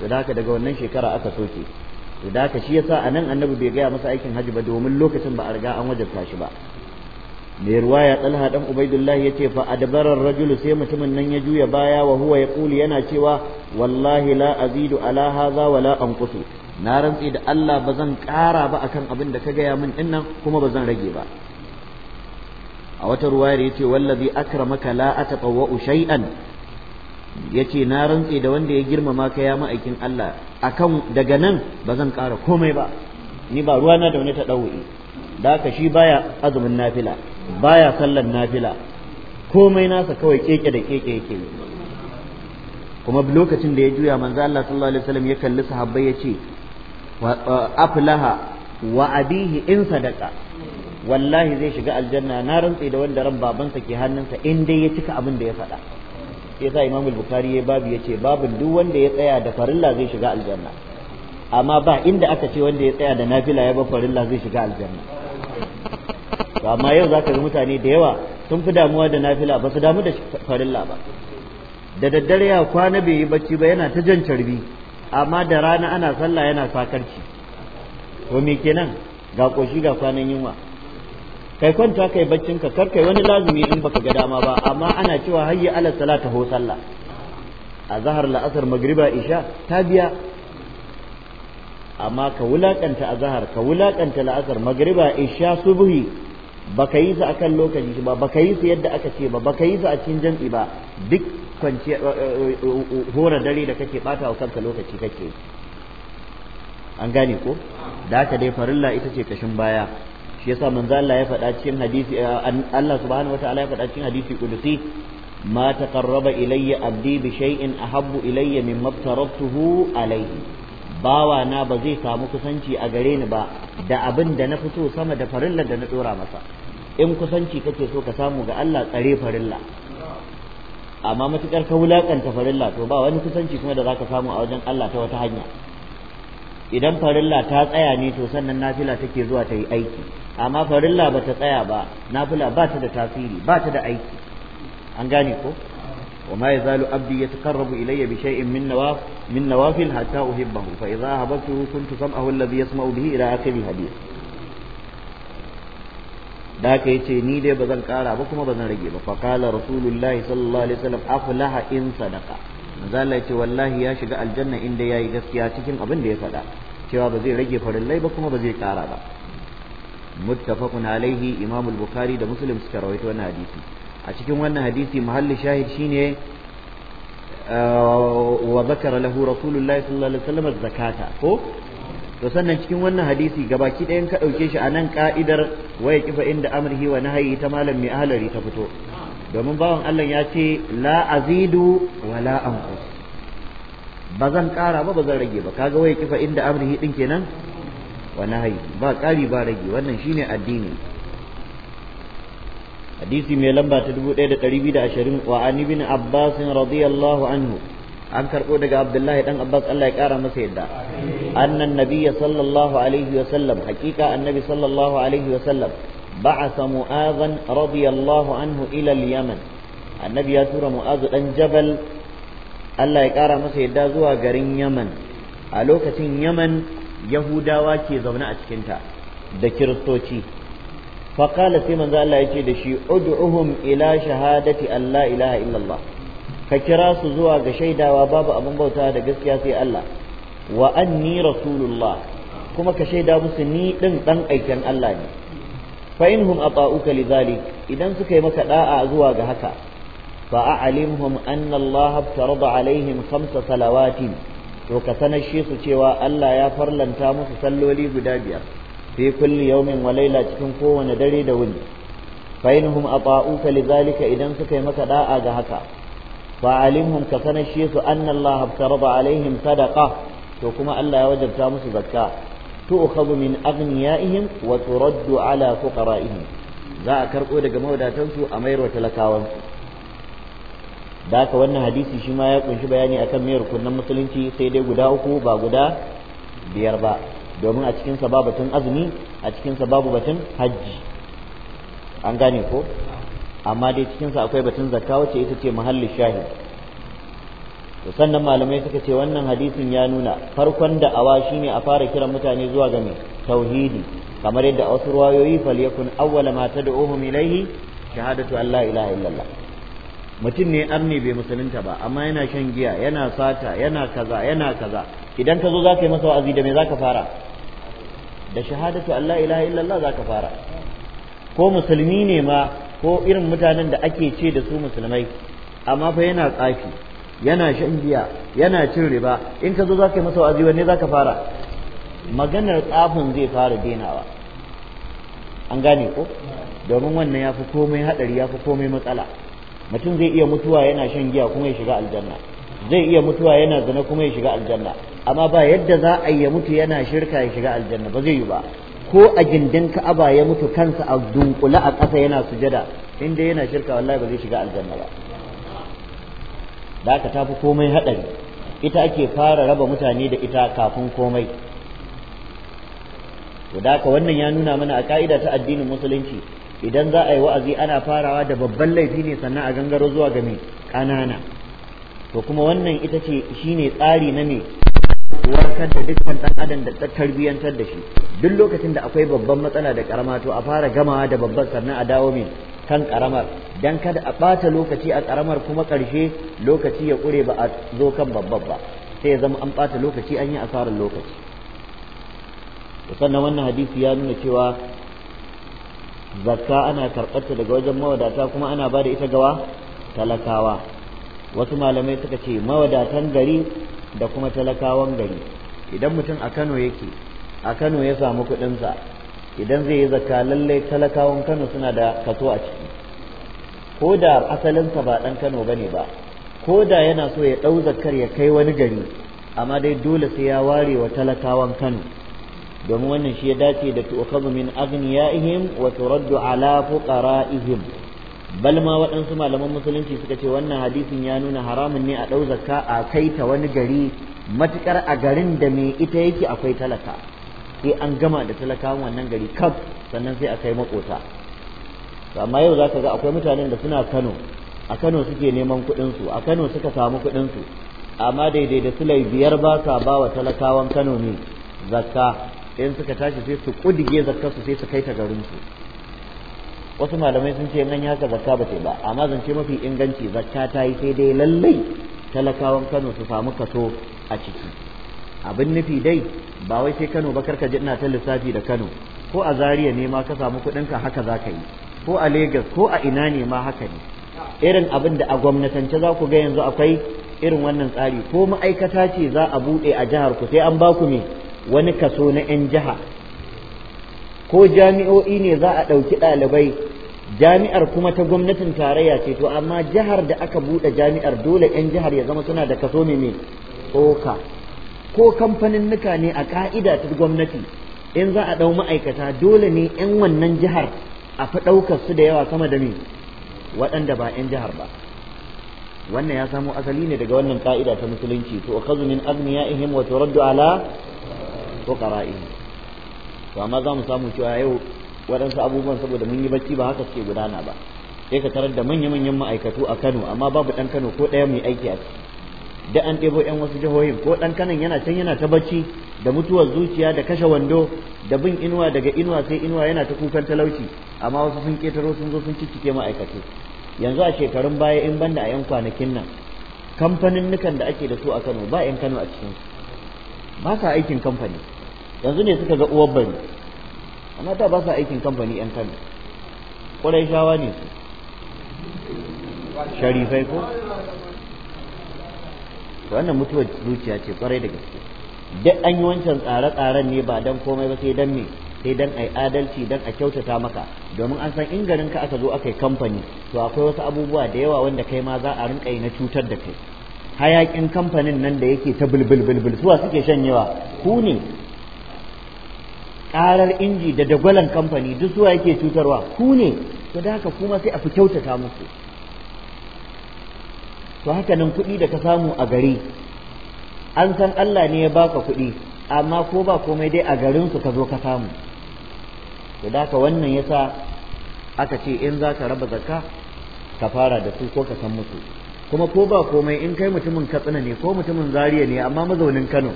A: to da aka daga wannan shekara aka soke to da aka shi yasa anan annabi bai gaya masa aikin hajji ba domin lokacin ba a riga an wajabta shi ba mai ruwaya talha dan ubaidullah ce fa adbarar rajulu sai mutumin nan ya juya baya wa huwa ya kuli yana cewa wallahi la azidu ala hadha wala anqutu na rantsi da Allah ba zan ƙara ba akan abin da ka gaya min dinnan kuma ba zan rage ba a wata ruwa da yace wallazi akramaka la atatawwa'u shay'an yace na rantse da wanda ya girmama ka ya ma'aikin Allah akan daga nan ba zan ƙara komai ba ni ba ruwa na da wani ta ɗau'i da haka shi baya azumin nafila baya sallan nafila komai nasa kawai keke da keke yake yi kuma lokacin da ya juya manzo Allah sallallahu alaihi wasallam ya kalli sahabbai yace aflaha wa abihi in sadaqa wallahi zai shiga aljanna na rantse da wanda ran babansa ke hannunsa in dai ya cika abin da ya faɗa sai sa Imam Bukhari ya babu ya ce babu duk wanda ya tsaya da farilla zai shiga aljanna amma ba inda aka ce wanda ya tsaya da nafila ya ba farilla zai shiga aljanna to amma yau za ka ga mutane da yawa sun fi damuwa da nafila ba su damu da farilla ba da daddare ya kwana bai yi bacci ba yana ta jan carbi amma da rana ana sallah yana sakarci to me kenan ga koshi ga kwanan yunwa kai kwanta kai baccin ka kar kai wani lazumi in baka ga dama ba amma ana cewa hayya ala salata ho sallah a zahar la'asar magriba isha ta biya amma ka wulakanta a zahar ka wulakanta la'asar magriba isha subuhi baka yi su akan lokaci ba baka yi su yadda aka ce ba baka yi su a cikin jam'i ba duk kwanciya eh, eh, eh, hora dare da kake bata wa kanka lokaci kake an gane ko da haka dai farilla ita ce kashin baya shi yasa manzo Allah ya faɗa cikin hadisi eh, Allah subhanahu wataala ya faɗa cikin hadisi kudusi ma taqarraba ilayya abdi bi shay'in ahabbu ilayya mimma aftaratuhu alayhi bawa na ba zai samu kusanci a gare ni ba da abin da na fito sama da farillar da na dora masa in kusanci kake so ka samu ga Allah tsare farilla amma matukar ka wulakanta farilla to ba wani kusanci kuma da zaka samu a wajen Allah ta wata hanya idan farilla ta tsaya ne to sannan nafila take zuwa ta yi aiki amma farilla ba ta tsaya ba nafila ba ta da tasiri ba ta da aiki an gane ko wa ma yazalu abdi yataqarrabu ilayya bi shay'in min nawaf min nawafil hatta uhibbahu fa idha habatuhu kuntu sam'ahu alladhi yasma'u bihi da ka yace ni dai bazan kara ba kuma bazan rage ba fa qala rasulullahi sallallahu alaihi wasallam aflaha in sadaqa zalace ce wallahi ya shiga aljanna inda yayi gaskiya cikin abin da ya faɗa cewa ba zai rage farillai ba kuma ba zai ƙara ba muttafaqun alaihi imam al-bukhari da muslim suka rawaito wannan hadisi a cikin wannan hadisi muhalli shahid shine wa zakara lahu rasulullahi sallallahu alaihi wasallam zakata ko to sannan cikin wannan hadisi gabaki ɗayan ka ɗauke shi a nan ka'idar waya kifa inda amrihi wa nahayi ta malam mai ahalari ta fito domin bawan Allah ya ce la azidu wa la anqus ba zan ƙara ba ba zan rage ba kaga waya kifa inda amrihi din kenan wa nahyi ba ƙari ba rage wannan shine addini hadisi mai lamba ta 1220 wa an ibn abbas radiyallahu anhu an karɓo daga abdullahi dan abbas allah ya ƙara masa yadda annan nabiyya sallallahu alaihi wa sallam haƙiƙa annabi sallallahu alaihi wa sallam بعث معاذا رضي الله عنه yaman اليمن النبي tura معاذ أن جبل Allah ya ƙara masa yadda zuwa garin Yaman a lokacin Yaman Yahudawa ke zaune a cikinta da Kiristoci faƙala sai manzo Allah ya ce da shi ud'uhum ila shahadati Allah ilaha illallah ka kira su zuwa ga shaidawa babu abin bauta da gaskiya sai Allah wa anni rasulullah kuma ka shaida musu ni din dan aikin Allah ne fa inhum ata'uka lidhalik idan suka yi maka ɗa'a zuwa ga haka fa a'limhum anna Allah farada alaihim khamsa salawatin to ka sanar shi su cewa Allah ya farlanta musu salloli guda biyar fi kulli yawmin walaila cikin kowane dare da wuni fa inhum ata'uka lidhalika idan suka yi maka ɗa'a ga haka fa alimhum ka sanar shi su anna Allah farada alaihim sadaqa to kuma Allah ya wajabta musu zakka تؤخذ من أغنيائهم وترد على فقرائهم za a karɓo daga mawadatansu a mayar wa talakawansu da haka wannan hadisi shi ma ya kunshi bayani akan mayar kunnen musulunci sai dai guda uku ba guda biyar ba domin a cikinsa babu batun azumi a cikinsa babu batun hajji an gane ko amma dai cikinsa akwai batun zakka wacce ita ce muhallin shahid to sannan malamai suka ce wannan hadisin ya nuna farkon da awa shine a fara kiran mutane zuwa ga mai tauhidi kamar yadda a wasu ruwayoyi falyakun awwala ma tad'uhum ilayhi shahadatu an la ilaha illallah mutum ne arni bai musulunta ba amma yana shan giya yana sata yana kaza yana kaza idan ka zo za ka yi masa wa'azi da me za ka fara da shahadatu an la ilaha illallah za ka fara ko musulmi ne ma ko irin mutanen da ake ce da su musulmai amma fa yana tsafi yana shan giya yana cin riba in ka zo za ka yi masa wa'azi wanne za ka fara maganar tsafin zai fara denawa an gane ko domin wannan ya fi komai haɗari ya fi komai matsala mutum zai iya mutuwa yana shan giya kuma ya shiga aljanna zai iya mutuwa yana zina kuma ya shiga aljanna amma ba yadda za a ya mutu yana shirka ya shiga aljanna ba zai yi ba ko a gindin ka'aba ya mutu kansa a dunkule a ƙasa yana sujada in dai yana shirka wallahi ba zai shiga aljanna ba da aka tafi komai haɗari ita ake fara raba mutane da ita kafin komai to da haka wannan ya nuna mana a ka'ida ta addinin musulunci idan za a yi wa'azi ana farawa da babban laifi ne sannan a gangaro zuwa ga mai ƙanana to kuma wannan ita ce shine tsari na me warkar da dukkan ɗan adam da biyantar da shi duk lokacin da akwai babban matsala da karama to a fara gamawa da babban sannan a dawo mai kan karamar dan kada a ɓata lokaci a karamar kuma ƙarshe lokaci ya ƙure ba a zo kan babban ba sai ya zama an ɓata lokaci an yi asarar lokaci sannan wannan hadisi ya nuna cewa zakka ana karɓarta daga wajen mawadata kuma ana ba da ita gawa talakawa wasu malamai suka ce mawadatan gari da kuma talakawan gari idan mutum a kano yake a kano ya samu kuɗinsa idan zai yi zakka lallai talakawan Kano suna da kaso a ciki ko da asalinsa ba ɗan Kano bane ba ko da yana so ya ɗau zakar ya kai wani gari amma dai dole sai ya ware wa talakawan Kano domin wannan shi ya dace da tu'khadhu min aghniyaihim wa turaddu ala fuqara'ihim bal ma waɗansu malaman musulunci suka ce wannan hadisin ya nuna haramun ne a ɗau zakka a kai ta wani gari matukar a garin da me ita yake akwai talaka sai an gama da talakawan wannan gari kaf sannan sai a kai makota amma yau za ka ga akwai mutanen da suna kano a kano suke neman su a kano suka samu su amma daidai da sulai biyar ba sa ba wa talakawan kano ne zakka in suka tashi sai su kudige su sai su kai ta garin su wasu malamai sun ce nan ya haka zakka ba ce ba amma zance mafi inganci zakka ta yi sai dai lallai talakawan kano su samu kaso a ciki abin nufi dai ba wai sai Kano ba karka ji ina ta lissafi da Kano ko a Zaria ne ma ka samu kuɗin ka haka zaka yi ko a Lagos ko a ina ne ma haka ne irin abin da a gwamnatance za ku ga yanzu akwai irin wannan tsari ko ma'aikata ce za a buɗe a jihar ku sai an ba ku me wani kaso na 'yan jiha ko jami'o'i ne za a ɗauki ɗalibai jami'ar kuma ta gwamnatin tarayya ce to amma jihar da aka buɗe jami'ar dole 'yan jihar ya zama suna da kaso ne mai tsoka ko kamfanin nuka ne a ka'ida ta gwamnati in za a ɗau ma'aikata dole ne 'yan wannan jihar a fi ɗaukar su da yawa sama da me waɗanda ba 'yan jihar ba wannan ya samo asali ne daga wannan ka'ida ta musulunci to akhadhu min aghniyaihim wa turaddu ala fuqara'ihim to amma za mu samu cewa yau waɗansu abubuwan saboda mun yi bacci ba haka suke gudana ba sai ka tarar da manya-manyan ma'aikatu a Kano amma babu ɗan Kano ko ɗaya mai aiki a ciki da an ɗebo 'yan wasu jihohin ko ɗan kanan yana can yana ta bacci da mutuwar zuciya da kashe wando da bin inuwa daga inuwa sai inuwa yana ta kukan talauci amma wasu sun ƙetaro sun zo sun cikike ma'aikatu yanzu a shekarun baya in banda a 'yan kwanakin nan kamfanin nukan da ake da su a kano ba 'yan kano a cikin ba sa aikin kamfani yanzu ne suka ga uwar bari amma ta ba sa aikin kamfani 'yan kano ƙwarai shawa ne
B: su sharifai ko
A: to wannan mutuwar zuciya ce kwarai da gaske duk an yi wancan tsare-tsaren ne ba dan komai ba sai dan me sai dan yi adalci dan a kyautata maka domin an san in garin ka aka zo aka yi kamfani to akwai wasu abubuwa da yawa wanda kai ma za a rinka yi na cutar da kai hayakin kamfanin nan da yake ta bulbulbulbul suwa suke shanyewa ku ne karar inji da dagwalan kamfani duk suwa yake cutarwa ku ne to da haka kuma sai a fi kyautata musu to haka nan kuɗi da ka samu a gari an san Allah ne ya baka kuɗi amma ko ba komai dai a garin su ka zo ka samu to da haka wannan yasa aka ce in za ka raba zakka ka fara da su ko ka san musu kuma ko ba komai in kai mutumin katsina ne ko mutumin zariya ne amma mazaunin kano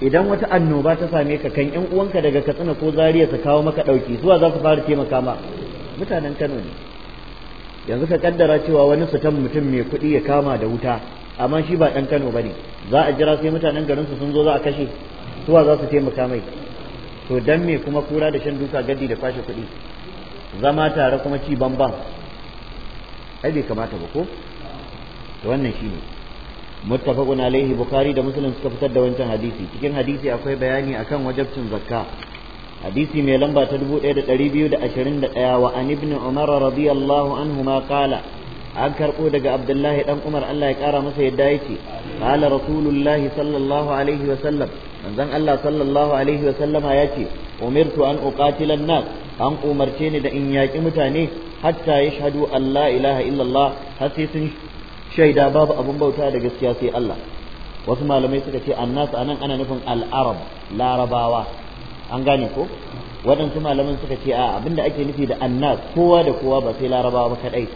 A: idan wata annoba ta same ka kan yan uwanka daga katsina ko zariya su kawo maka ɗauki zuwa za su fara taimaka ma mutanen kano ne yanzu ka kaddara cewa wani fitan mutum mai kuɗi ya kama da wuta amma shi ba ɗan Kano ba ne, za a jira sai mutanen garinsu sun zo za a kashe suwa za su taimaka mai to dan me kuma kura da shan duka gadi da kwashe kuɗi zama tare kuma ci bamban ai bai kamata ba ko to wannan ne muttafaqun alaihi bukhari da muslim suka fitar da wancan hadisi cikin hadisi akwai bayani akan wajabcin zakka hadisi mai lamba ta dubu 1221 wa an ibn umar radiyallahu anhu ma qala an karbo daga abdullahi dan umar Allah ya kara masa yadda yake ala rasulullahi sallallahu alaihi wa sallam manzon Allah sallallahu alaihi wa sallama yace umirtu an uqatila an an umarce ni da in yaki mutane hatta yashhadu an la ilaha illallah har sai sun shaida babu abun bauta da gaskiya sai Allah wasu malamai suka ce annas anan ana nufin al larabawa an gane ko waɗansu malaman suka ce a abinda ake nufi da annas kowa da kowa ba sai larabawa ba kadai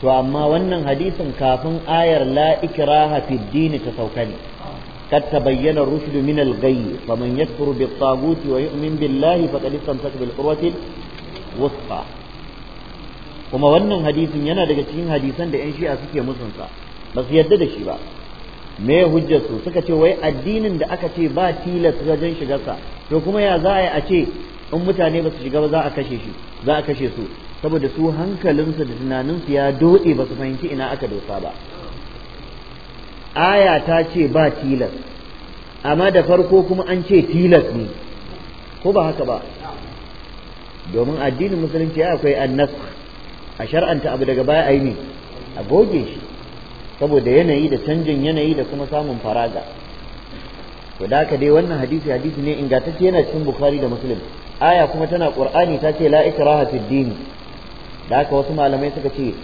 A: to amma wannan hadisin kafin ayar la ikraha fid din ta sauka ne قد تبين الرشد من الغي فمن يكفر بالطاغوت fa بالله فقد استمسك بالقروة الوثقى kuma wannan hadisin yana daga cikin hadisan da 'yan shi'a suke musunsa ba su yadda da shi ba me hujjarsu suka ce wai addinin da aka ce ba tilas wajen shigarsa to kuma ya za a yi a ce in mutane ba su shiga ba za a kashe shi za a kashe su saboda su hankalinsu da tunaninsu ya doɗe ba su fahimci ina aka dosa ba aya ta ce ba tilas amma da farko kuma an ce tilas ne ko ba haka ba domin addinin musulunci akwai annas a shar'anta abu daga baya a yi ne a goge shi saboda yanayi da canjin yanayi da kuma samun faraga to da haka dai wannan hadisi hadisi ne ingantacce yana cikin bukhari da muslim aya kuma tana qur'ani ta ce la ikraha fid din da haka wasu malamai suka ce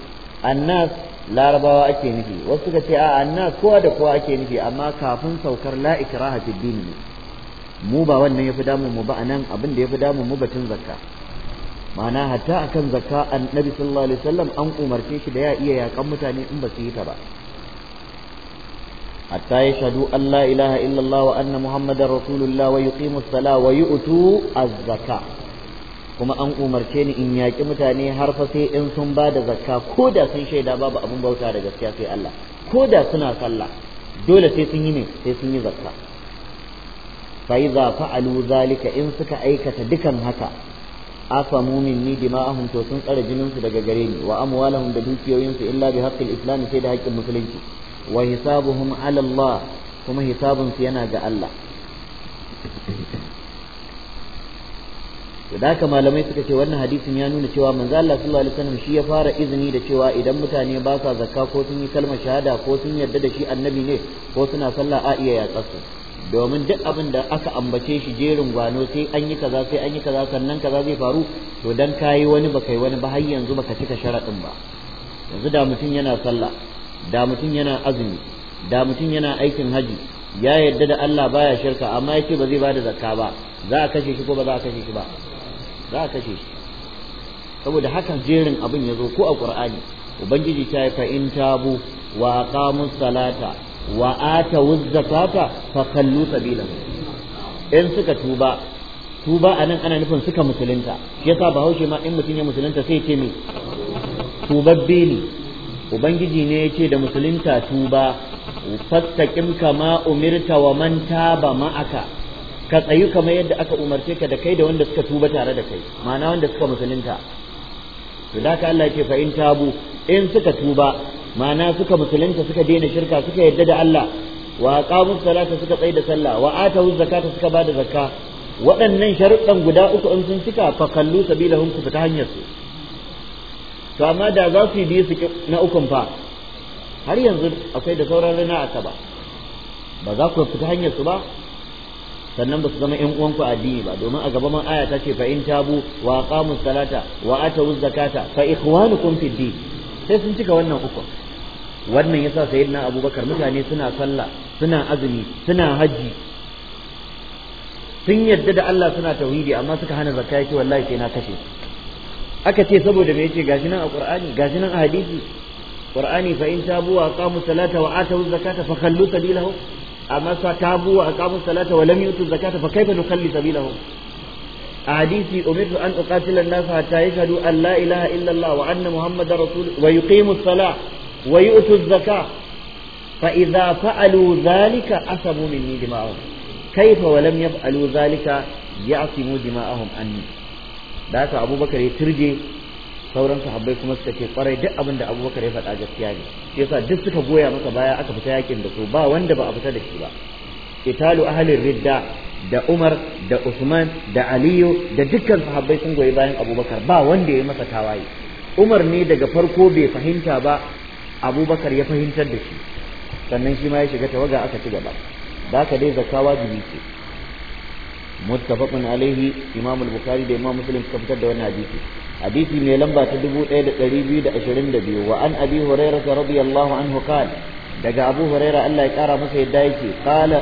A: annas larabawa ake nufi wasu suka ce a annas kowa da kowa ake nufi amma kafin saukar la ikraha fid din ne mu ba wannan yafi damun mu ba anan abin da yafi damun mu batun zakka ma'ana hatta akan zakka annabi sallallahu alaihi wasallam an umarce shi da ya iya yakan mutane in ba su yi ta ba hatta yashhadu shadu allah ilaha illallah wa anna muhammadar rasulullah wa yuqimu as-sala wa zaka kuma an umarce ni in yaƙi mutane har fa sai in sun ba da zakka ko da sun shaida babu abin bauta da gaskiya sai Allah ko da suna sallah dole sai sun yi ne sai sun yi zakka fa idza fa'alu zalika in suka aikata dukan haka afamu minni dima'ahum to sun tsare jinin su daga gare ni wa amwalahum da dukiyoyin su illa bi haqqil islam sai da haƙƙin musulunci wa hisabuhum ala Allah kuma hisabunsu yana ga Allah da haka malamai suka ce wannan hadisin ya nuna cewa manzo Allah sallallahu alaihi wasallam shi ya fara izini da cewa idan mutane ba sa zakka ko sun yi kalmar shahada ko sun yarda da shi annabi ne ko suna sallah a iya yatsarsu domin duk abin da aka ambace shi jerin gwano sai an yi kaza sai an yi kaza sannan kaza zai faru to dan kai wani ba kai wani ba har yanzu baka cika sharaɗin ba yanzu da mutum yana sallah da mutum yana azumi da mutum yana aikin haji ya yarda da Allah baya shirka amma yake ba zai bada zakka ba za a kashe shi ko ba za a kashe shi ba za a kashe shi saboda haka jerin abin ya zo ko a qur'ani ubangiji ta yi fa in tabu wa aqamus salata wa atawuz zakata fa kallu sabilahu in suka tuba tuba anan ana nufin suka musulunta shi yasa bahaushe ma in mutum ya musulunta sai ce me tubabbe ne ubangiji ne yace da musulunta tuba fastaqim kama umirta wa man taba ma'aka ka tsayu kamar yadda aka umarce ka da kai da wanda suka tuba tare da kai ma'ana wanda suka musulunta to da Allah yake fa in tabu in suka tuba ma'ana suka musulunta suka daina shirka suka yadda da Allah wa aqamu salata suka tsayi da sallah wa atawu zakata suka ba da zakka waɗannan sharuɗan guda uku in sun cika fa kallu sabilahum ku fita hanyar su to amma da za su yi biyu su na ukun fa har yanzu akwai da sauran rana a ba ba za ku fita hanyar su ba sannan ba su zama ƴan uwanku addini ba domin a gaba man aya ta ce fa in tabu wa aqamu salata wa atu zakata fa ikhwanukum fid din sai sun cika wannan uku wannan yasa sayyidina abubakar mutane suna sallah suna azumi suna haji sun yadda da Allah suna tauhidi amma suka hana zakka yake wallahi sai na kashe su aka ce saboda me yace gashi nan a qur'ani gashi nan a hadisi qur'ani fa in tabu wa aqamu salata wa atu zakata fa khallu sabilahum amma sa tabu wa aqamu salata wa lam yutu zakata fa kayfa nukhalli sabilahum a hadisi umirtu an uqatila an-nas hatta yashhadu an la ilaha illa Allah wa anna muhammadar rasul wa yuqimu as-salah wa yu'tu az-zakah fa idza fa'alu dhalika asabu minni dima'ahum kayfa wa lam yaf'alu dhalika ya'timu dima'ahum anni da haka abubakar ya turge sauran sahabbai kuma suka ce kwarai duk abin da abubakar ya faɗa gaskiya ne shi yasa duk suka goya masa baya aka fita yakin da su ba wanda ba a fita da shi ba italu ahalin ridda da Umar da Usman da Aliyu da dukkan sahabbai sun goyi bayan Abubakar ba wanda ya masa tawaye Umar ne daga farko bai fahimta ba Abubakar ya fahimtar da shi sannan shi ma ya shiga tawaga aka ci gaba da ka dai zakka wajibi ce muttafaqun alaihi imam al-bukhari da imam muslim suka fitar da wannan hadisi hadisi mai lamba ta 1222 wa an abi hurairah radiyallahu anhu qala daga abu hurairah Allah ya kara masa yadda yake qala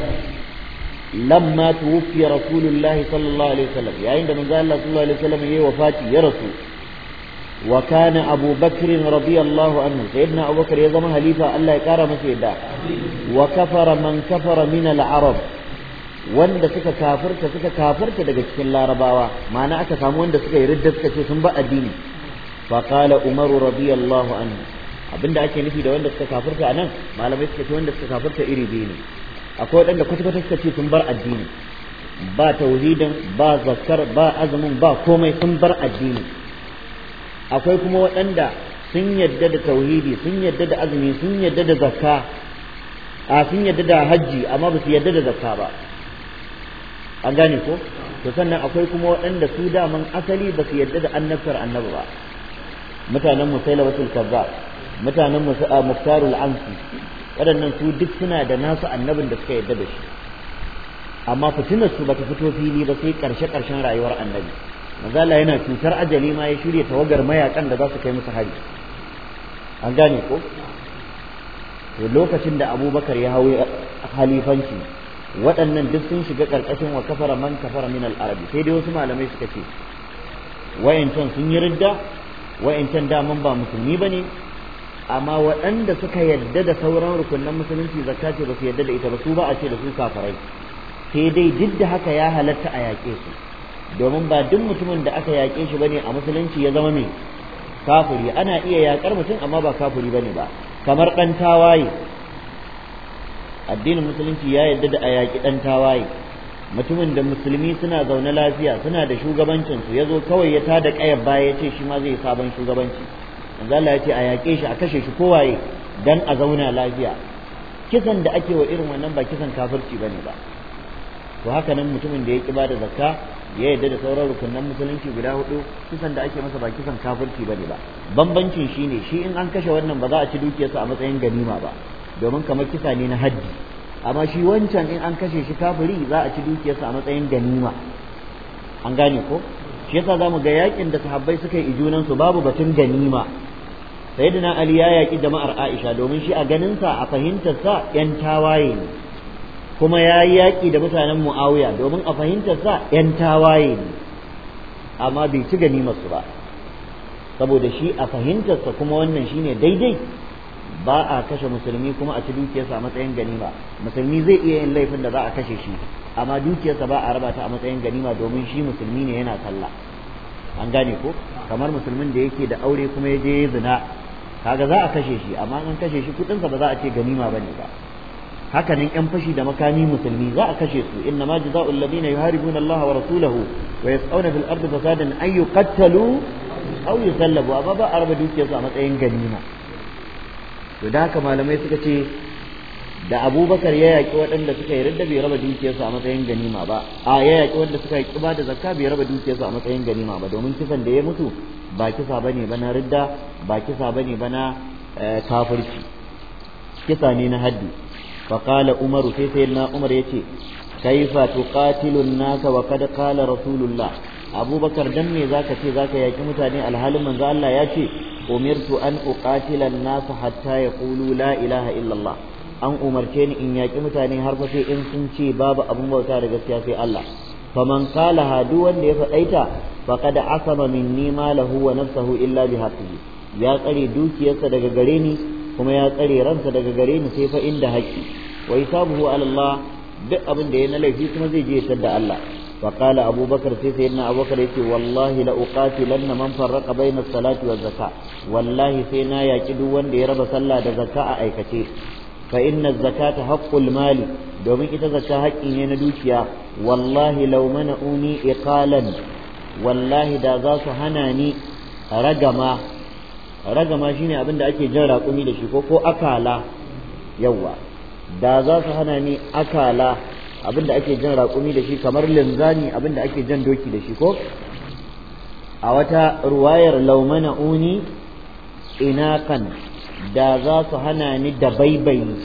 A: lamma tuwfiya rasulullahi sallallahu alaihi wasallam yayin da manzo Allah sallallahu alaihi wasallam yayi wafati ya rasu wa kana Abu Bakr radiyallahu anhu sayyidina Abu Bakr ya zama halifa Allah ya kara masa yadda wa kafara man kafara min al-arab wanda suka kafirta suka kafirta daga cikin larabawa ma'ana aka samu wanda suka yi ridda suka ce sun ba addini fa qala umar radiyallahu anhu abinda ake nufi da wanda suka kafirta anan malamai suka ce wanda suka kafirta iri biyu ne akwai waɗanda kwata-kwata suka ce sun bar addini ba tauhidin ba zakar ba azumin ba komai sun bar addini akwai kuma waɗanda sun yadda da tauhidi sun yadda da azumi sun yadda da zakka a sun yadda da hajji amma ba su yadda da zakka ba an gane ko to sannan akwai kuma waɗanda su daman asali ba su yarda da annabtar annabi ba mutanen musailamatul kazzab mutanen muftarul amsi waɗannan su duk suna da nasu annabin da suka yarda da shi amma fitinar su bata fito fili ba sai karshe karshen rayuwar annabi mazala yana cutar ajali ma ya shirya tawagar mayakan da za su kai musu hari an gane ko to lokacin da abubakar ya hau halifanci waɗannan duk sun shiga ƙarƙashin wa kafara man kafara min al sai dai wasu malamai suka ce wayancan sun yi ridda wayancan daman ba musulmi ne amma waɗanda suka yarda da sauran rukunan musulunci zakka ce ba su yarda da ita ba su ba a ce da su kafirai sai dai duk da haka ya halatta a yaƙe su domin ba duk mutumin da aka yaƙe shi ne a musulunci ya zama mai kafiri ana iya yaƙar mutum amma ba kafiri bane ba kamar ɗan tawaye addinin musulunci ya yarda da a yaƙi ɗan tawaye mutumin da musulmi suna zaune lafiya suna da shugabancinsu ya zo kawai ya tada ƙayar baya ya ce shi ma zai sabon shugabanci manzala ya ce a yaƙe shi a kashe shi kowaye dan a zauna lafiya kisan da ake wa irin wannan ba kisan kafirci bane ba to haka nan mutumin da ya ƙi bada zakka ya yarda da sauran rukunan musulunci guda hudu kisan da ake masa ba kisan kafirci bane ba bambancin shine shi in an kashe wannan ba za a ci dukiyarsa a matsayin ganima ba domin kamar kisa ne na haddi amma shi wancan in an kashe shi kafiri za a ci dukiyarsa a matsayin ganima an gane ko shi yasa zamu ga yakin da sahabbai suka yi junan su babu batun ganima sayyidina ali ya yaki jama'ar aisha domin shi a ganin sa a fahimtar sa yan tawaye ne kuma ya yi yaki da mutanen muawiya domin a fahimtar sa yan tawaye ne amma bai ci ganimar su ba saboda shi a fahimtarsa kuma wannan shine daidai ba a kashe musulmi kuma a ci dukiyarsa a matsayin ganima musulmi zai iya yin laifin da za a kashe shi amma dukiyarsa ba a raba ta a matsayin ganima domin shi musulmi ne yana sallah an gane ko kamar musulmin da yake da aure kuma ya je zina kaga za a kashe shi amma an kashe shi kudinsa ba za a ce ganima bane ba hakanan yan fashi da makami musulmi za a kashe su inna ma jazaa'u alladhina yuharibuna Allah wa rasulahu wa yas'una fil ardi fasadan an yuqattalu aw yusallabu amma ba a raba dukiyarsu a matsayin ganima to da haka malamai suka ce da abubakar ya yaƙi waɗanda suka yi da bai raba dukiyarsu a matsayin ganima ba a ya yaƙi waɗanda suka yi ba da zakka bai raba dukiyarsu a matsayin ganima ba domin kisan da ya mutu ba kisa bane ba na ridda ba kisa bane ba na eh, kafirci kisa ne na haddi fa qala umaru sai sayyidina umar yace kaifa tuqatilu an-nasa wa kad qala rasulullah abubakar dan me zaka ce zaka yaki mutane alhalin manzo Allah ya ce umirtu an uqatila an-nas hatta yaqulu la ilaha illallah an umarce ni in yaki mutane har fa sai in sun ce babu abun bauta da gaskiya sai Allah faman qala hadu wanda ya faɗaita faqad asama minni lahu wa nafsuhu illa bihaqqihi ya tsare dukiyarsa daga gare ni kuma ya tsare ransa daga gare ni sai fa inda haƙƙi wa hisabuhu ala Allah duk abin da ya na laifi kuma zai je ya da Allah فقال أبو بكر في سيدنا أبو بكر يتي والله لأقاتلن من فرق بين الصلاة والزكاة والله سينا يجدوا وان دي رب صلى زكاة أي كتير فإن الزكاة حق المال دومي إتا زكاة حق إني ندوشيا والله لو منعوني إقالا والله دا ذات هناني رقما رقما شيني أبن دا أكي جرى قمي لشيكو فو أكالا يوا دا ذات هناني أكالا abinda ake jan raƙumi da shi kamar linzani abinda ake jan doki da shi ko a wata ruwayar laumana uni inakan da za su hana ni da baibayi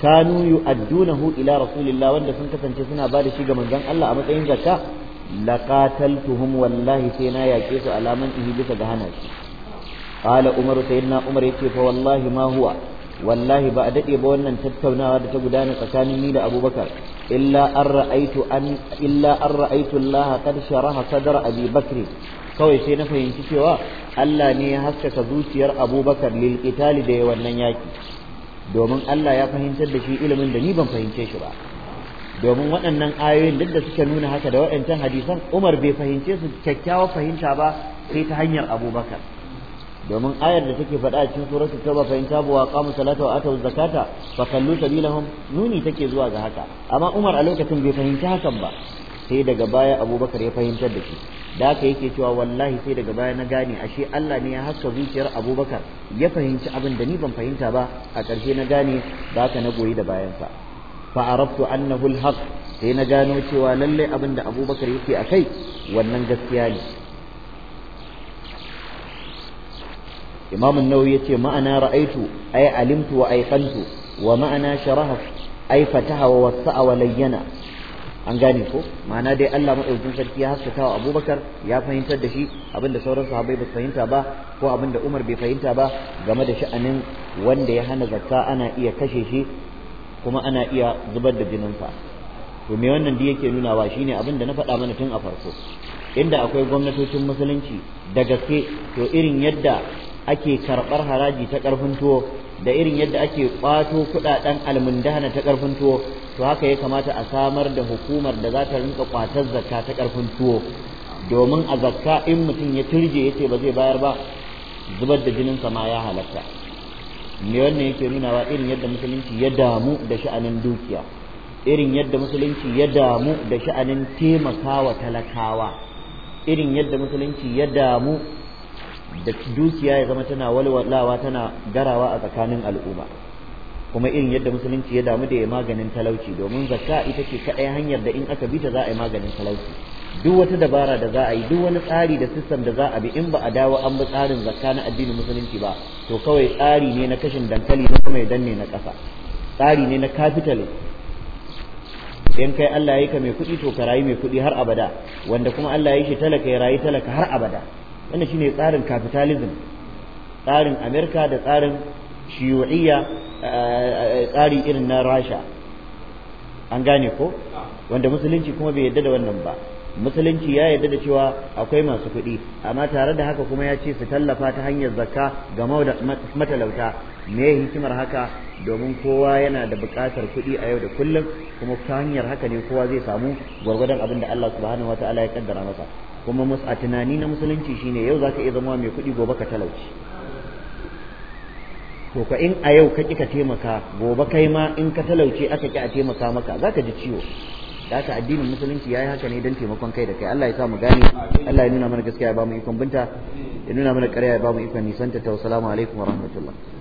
A: kanu yu'addunahu ila rasulillah wanda sun kasance suna ba da shi ga manzon Allah a matsayin zakka laqataltuhum wallahi sai na yake su alaman ihi bisa ga hana shi qala umaru sayyidina umar yace fa wallahi ma huwa wallahi ba a daɗe ba wannan tattaunawa da ta gudana tsakanin ni da abubakar illa an ra'aitu an illa an ra'aitu Allah qad sharaha sadra abi bakr kawai sai na fahimci cewa Allah ne ya haskaka zuciyar abubakar lil qitali da wannan yaki domin Allah ya fahimtar da shi ilimin da ni ban fahimce shi ba domin waɗannan ayoyin duk da suke nuna haka da waɗancan hadisan Umar bai fahimce su kyakkyawar fahimta ba sai ta hanyar Abubakar domin ayar da take faɗa a cikin suratul tauba fa in tabu wa qamu salata wa atu zakata fa kallu sabilahum nuni take zuwa ga haka amma Umar a lokacin bai fahimci hakan ba sai daga baya Abubakar ya fahimtar da shi da haka yake cewa wallahi sai daga baya na gane ashe Allah ne ya haska zuciyar Abubakar ya fahimci abin da ni ban fahimta ba a ƙarshe na gane da haka na goyi da bayansa fa arabtu annahu alhaq sai na gano cewa lalle abin da Abubakar yake akai wannan gaskiya ne imam an ya ce ma'ana ra'aitu ai alimtu wa ayqantu wa ma'ana sharaha ai fataha wa wasa'a wa layyana an gane ko ma'ana dai Allah madaukakin sarki ya haskaka wa Abubakar ya fahimtar da shi abinda sauran sahabbai ba fahimta ba ko abinda Umar bai fahimta ba game da sha'anin wanda ya hana zakka ana iya kashe shi kuma ana iya zubar da jininsa to me wannan da yake nunawa shine abinda na faɗa mana tun a farko inda akwai gwamnatocin musulunci da gaske to irin yadda ake karɓar haraji ta ƙarfin tuwo da irin yadda ake ƙwato kuɗaɗen almundana ta ƙarfin tuwo to haka ya kamata a samar da hukumar da za ta rinka ƙwatar zakka ta ƙarfin tuwo domin a zakka in mutum ya turje ya ce ba zai bayar ba zubar da jinin sama ya halatta me wannan yake nunawa irin yadda musulunci ya damu da sha'anin dukiya irin yadda musulunci ya damu da sha'anin taimakawa talakawa irin yadda musulunci ya damu da dukiya ya zama tana walwalawa tana garawa a tsakanin al'umma kuma irin yadda musulunci ya damu da ya maganin talauci domin zakka ita ce kaɗai hanyar da in aka bi ta za a yi maganin talauci duk wata dabara da za a yi duk wani tsari da sistem da za a bi in ba a dawo an bi tsarin zakka na addinin musulunci ba to kawai tsari ne na kashin dankali na kuma ya danne na ƙasa tsari ne na capital in kai Allah ya yi ka mai kuɗi to ka rayu mai kuɗi har abada wanda kuma Allah ya yi shi talaka ya rayu talaka har abada wannan shine tsarin capitalism tsarin amerika da tsarin shiyu'iyya tsari irin na rasha an gane ko wanda musulunci kuma bai yadda da wannan ba musulunci ya yarda da cewa akwai masu kuɗi amma tare da haka kuma ya ce su tallafa ta hanyar zakka ga matalauta me hikimar haka domin kowa yana da buƙatar kuɗi a yau da kullum kuma ta hanyar haka ne kowa zai samu gwargwadon abin da Allah subhanahu wa ta'ala ya kaddara masa kuma a tunani na musulunci shine yau zaka iya zama mai kuɗi gobe ka talauci to ka in a yau ka ki ka taimaka gobe kai ma in ka talauce aka ki a taimaka maka za ka ji ciwo haka addinin musulunci ya yi haka ne don taimakon kai da kai Allah ya sa mu gane Allah ya nuna mana gaskiya ya ba mu ikon binta ya nuna mana ƙarya ya ba mu ikon nisanta ta wasu alaikum wa rahmatullah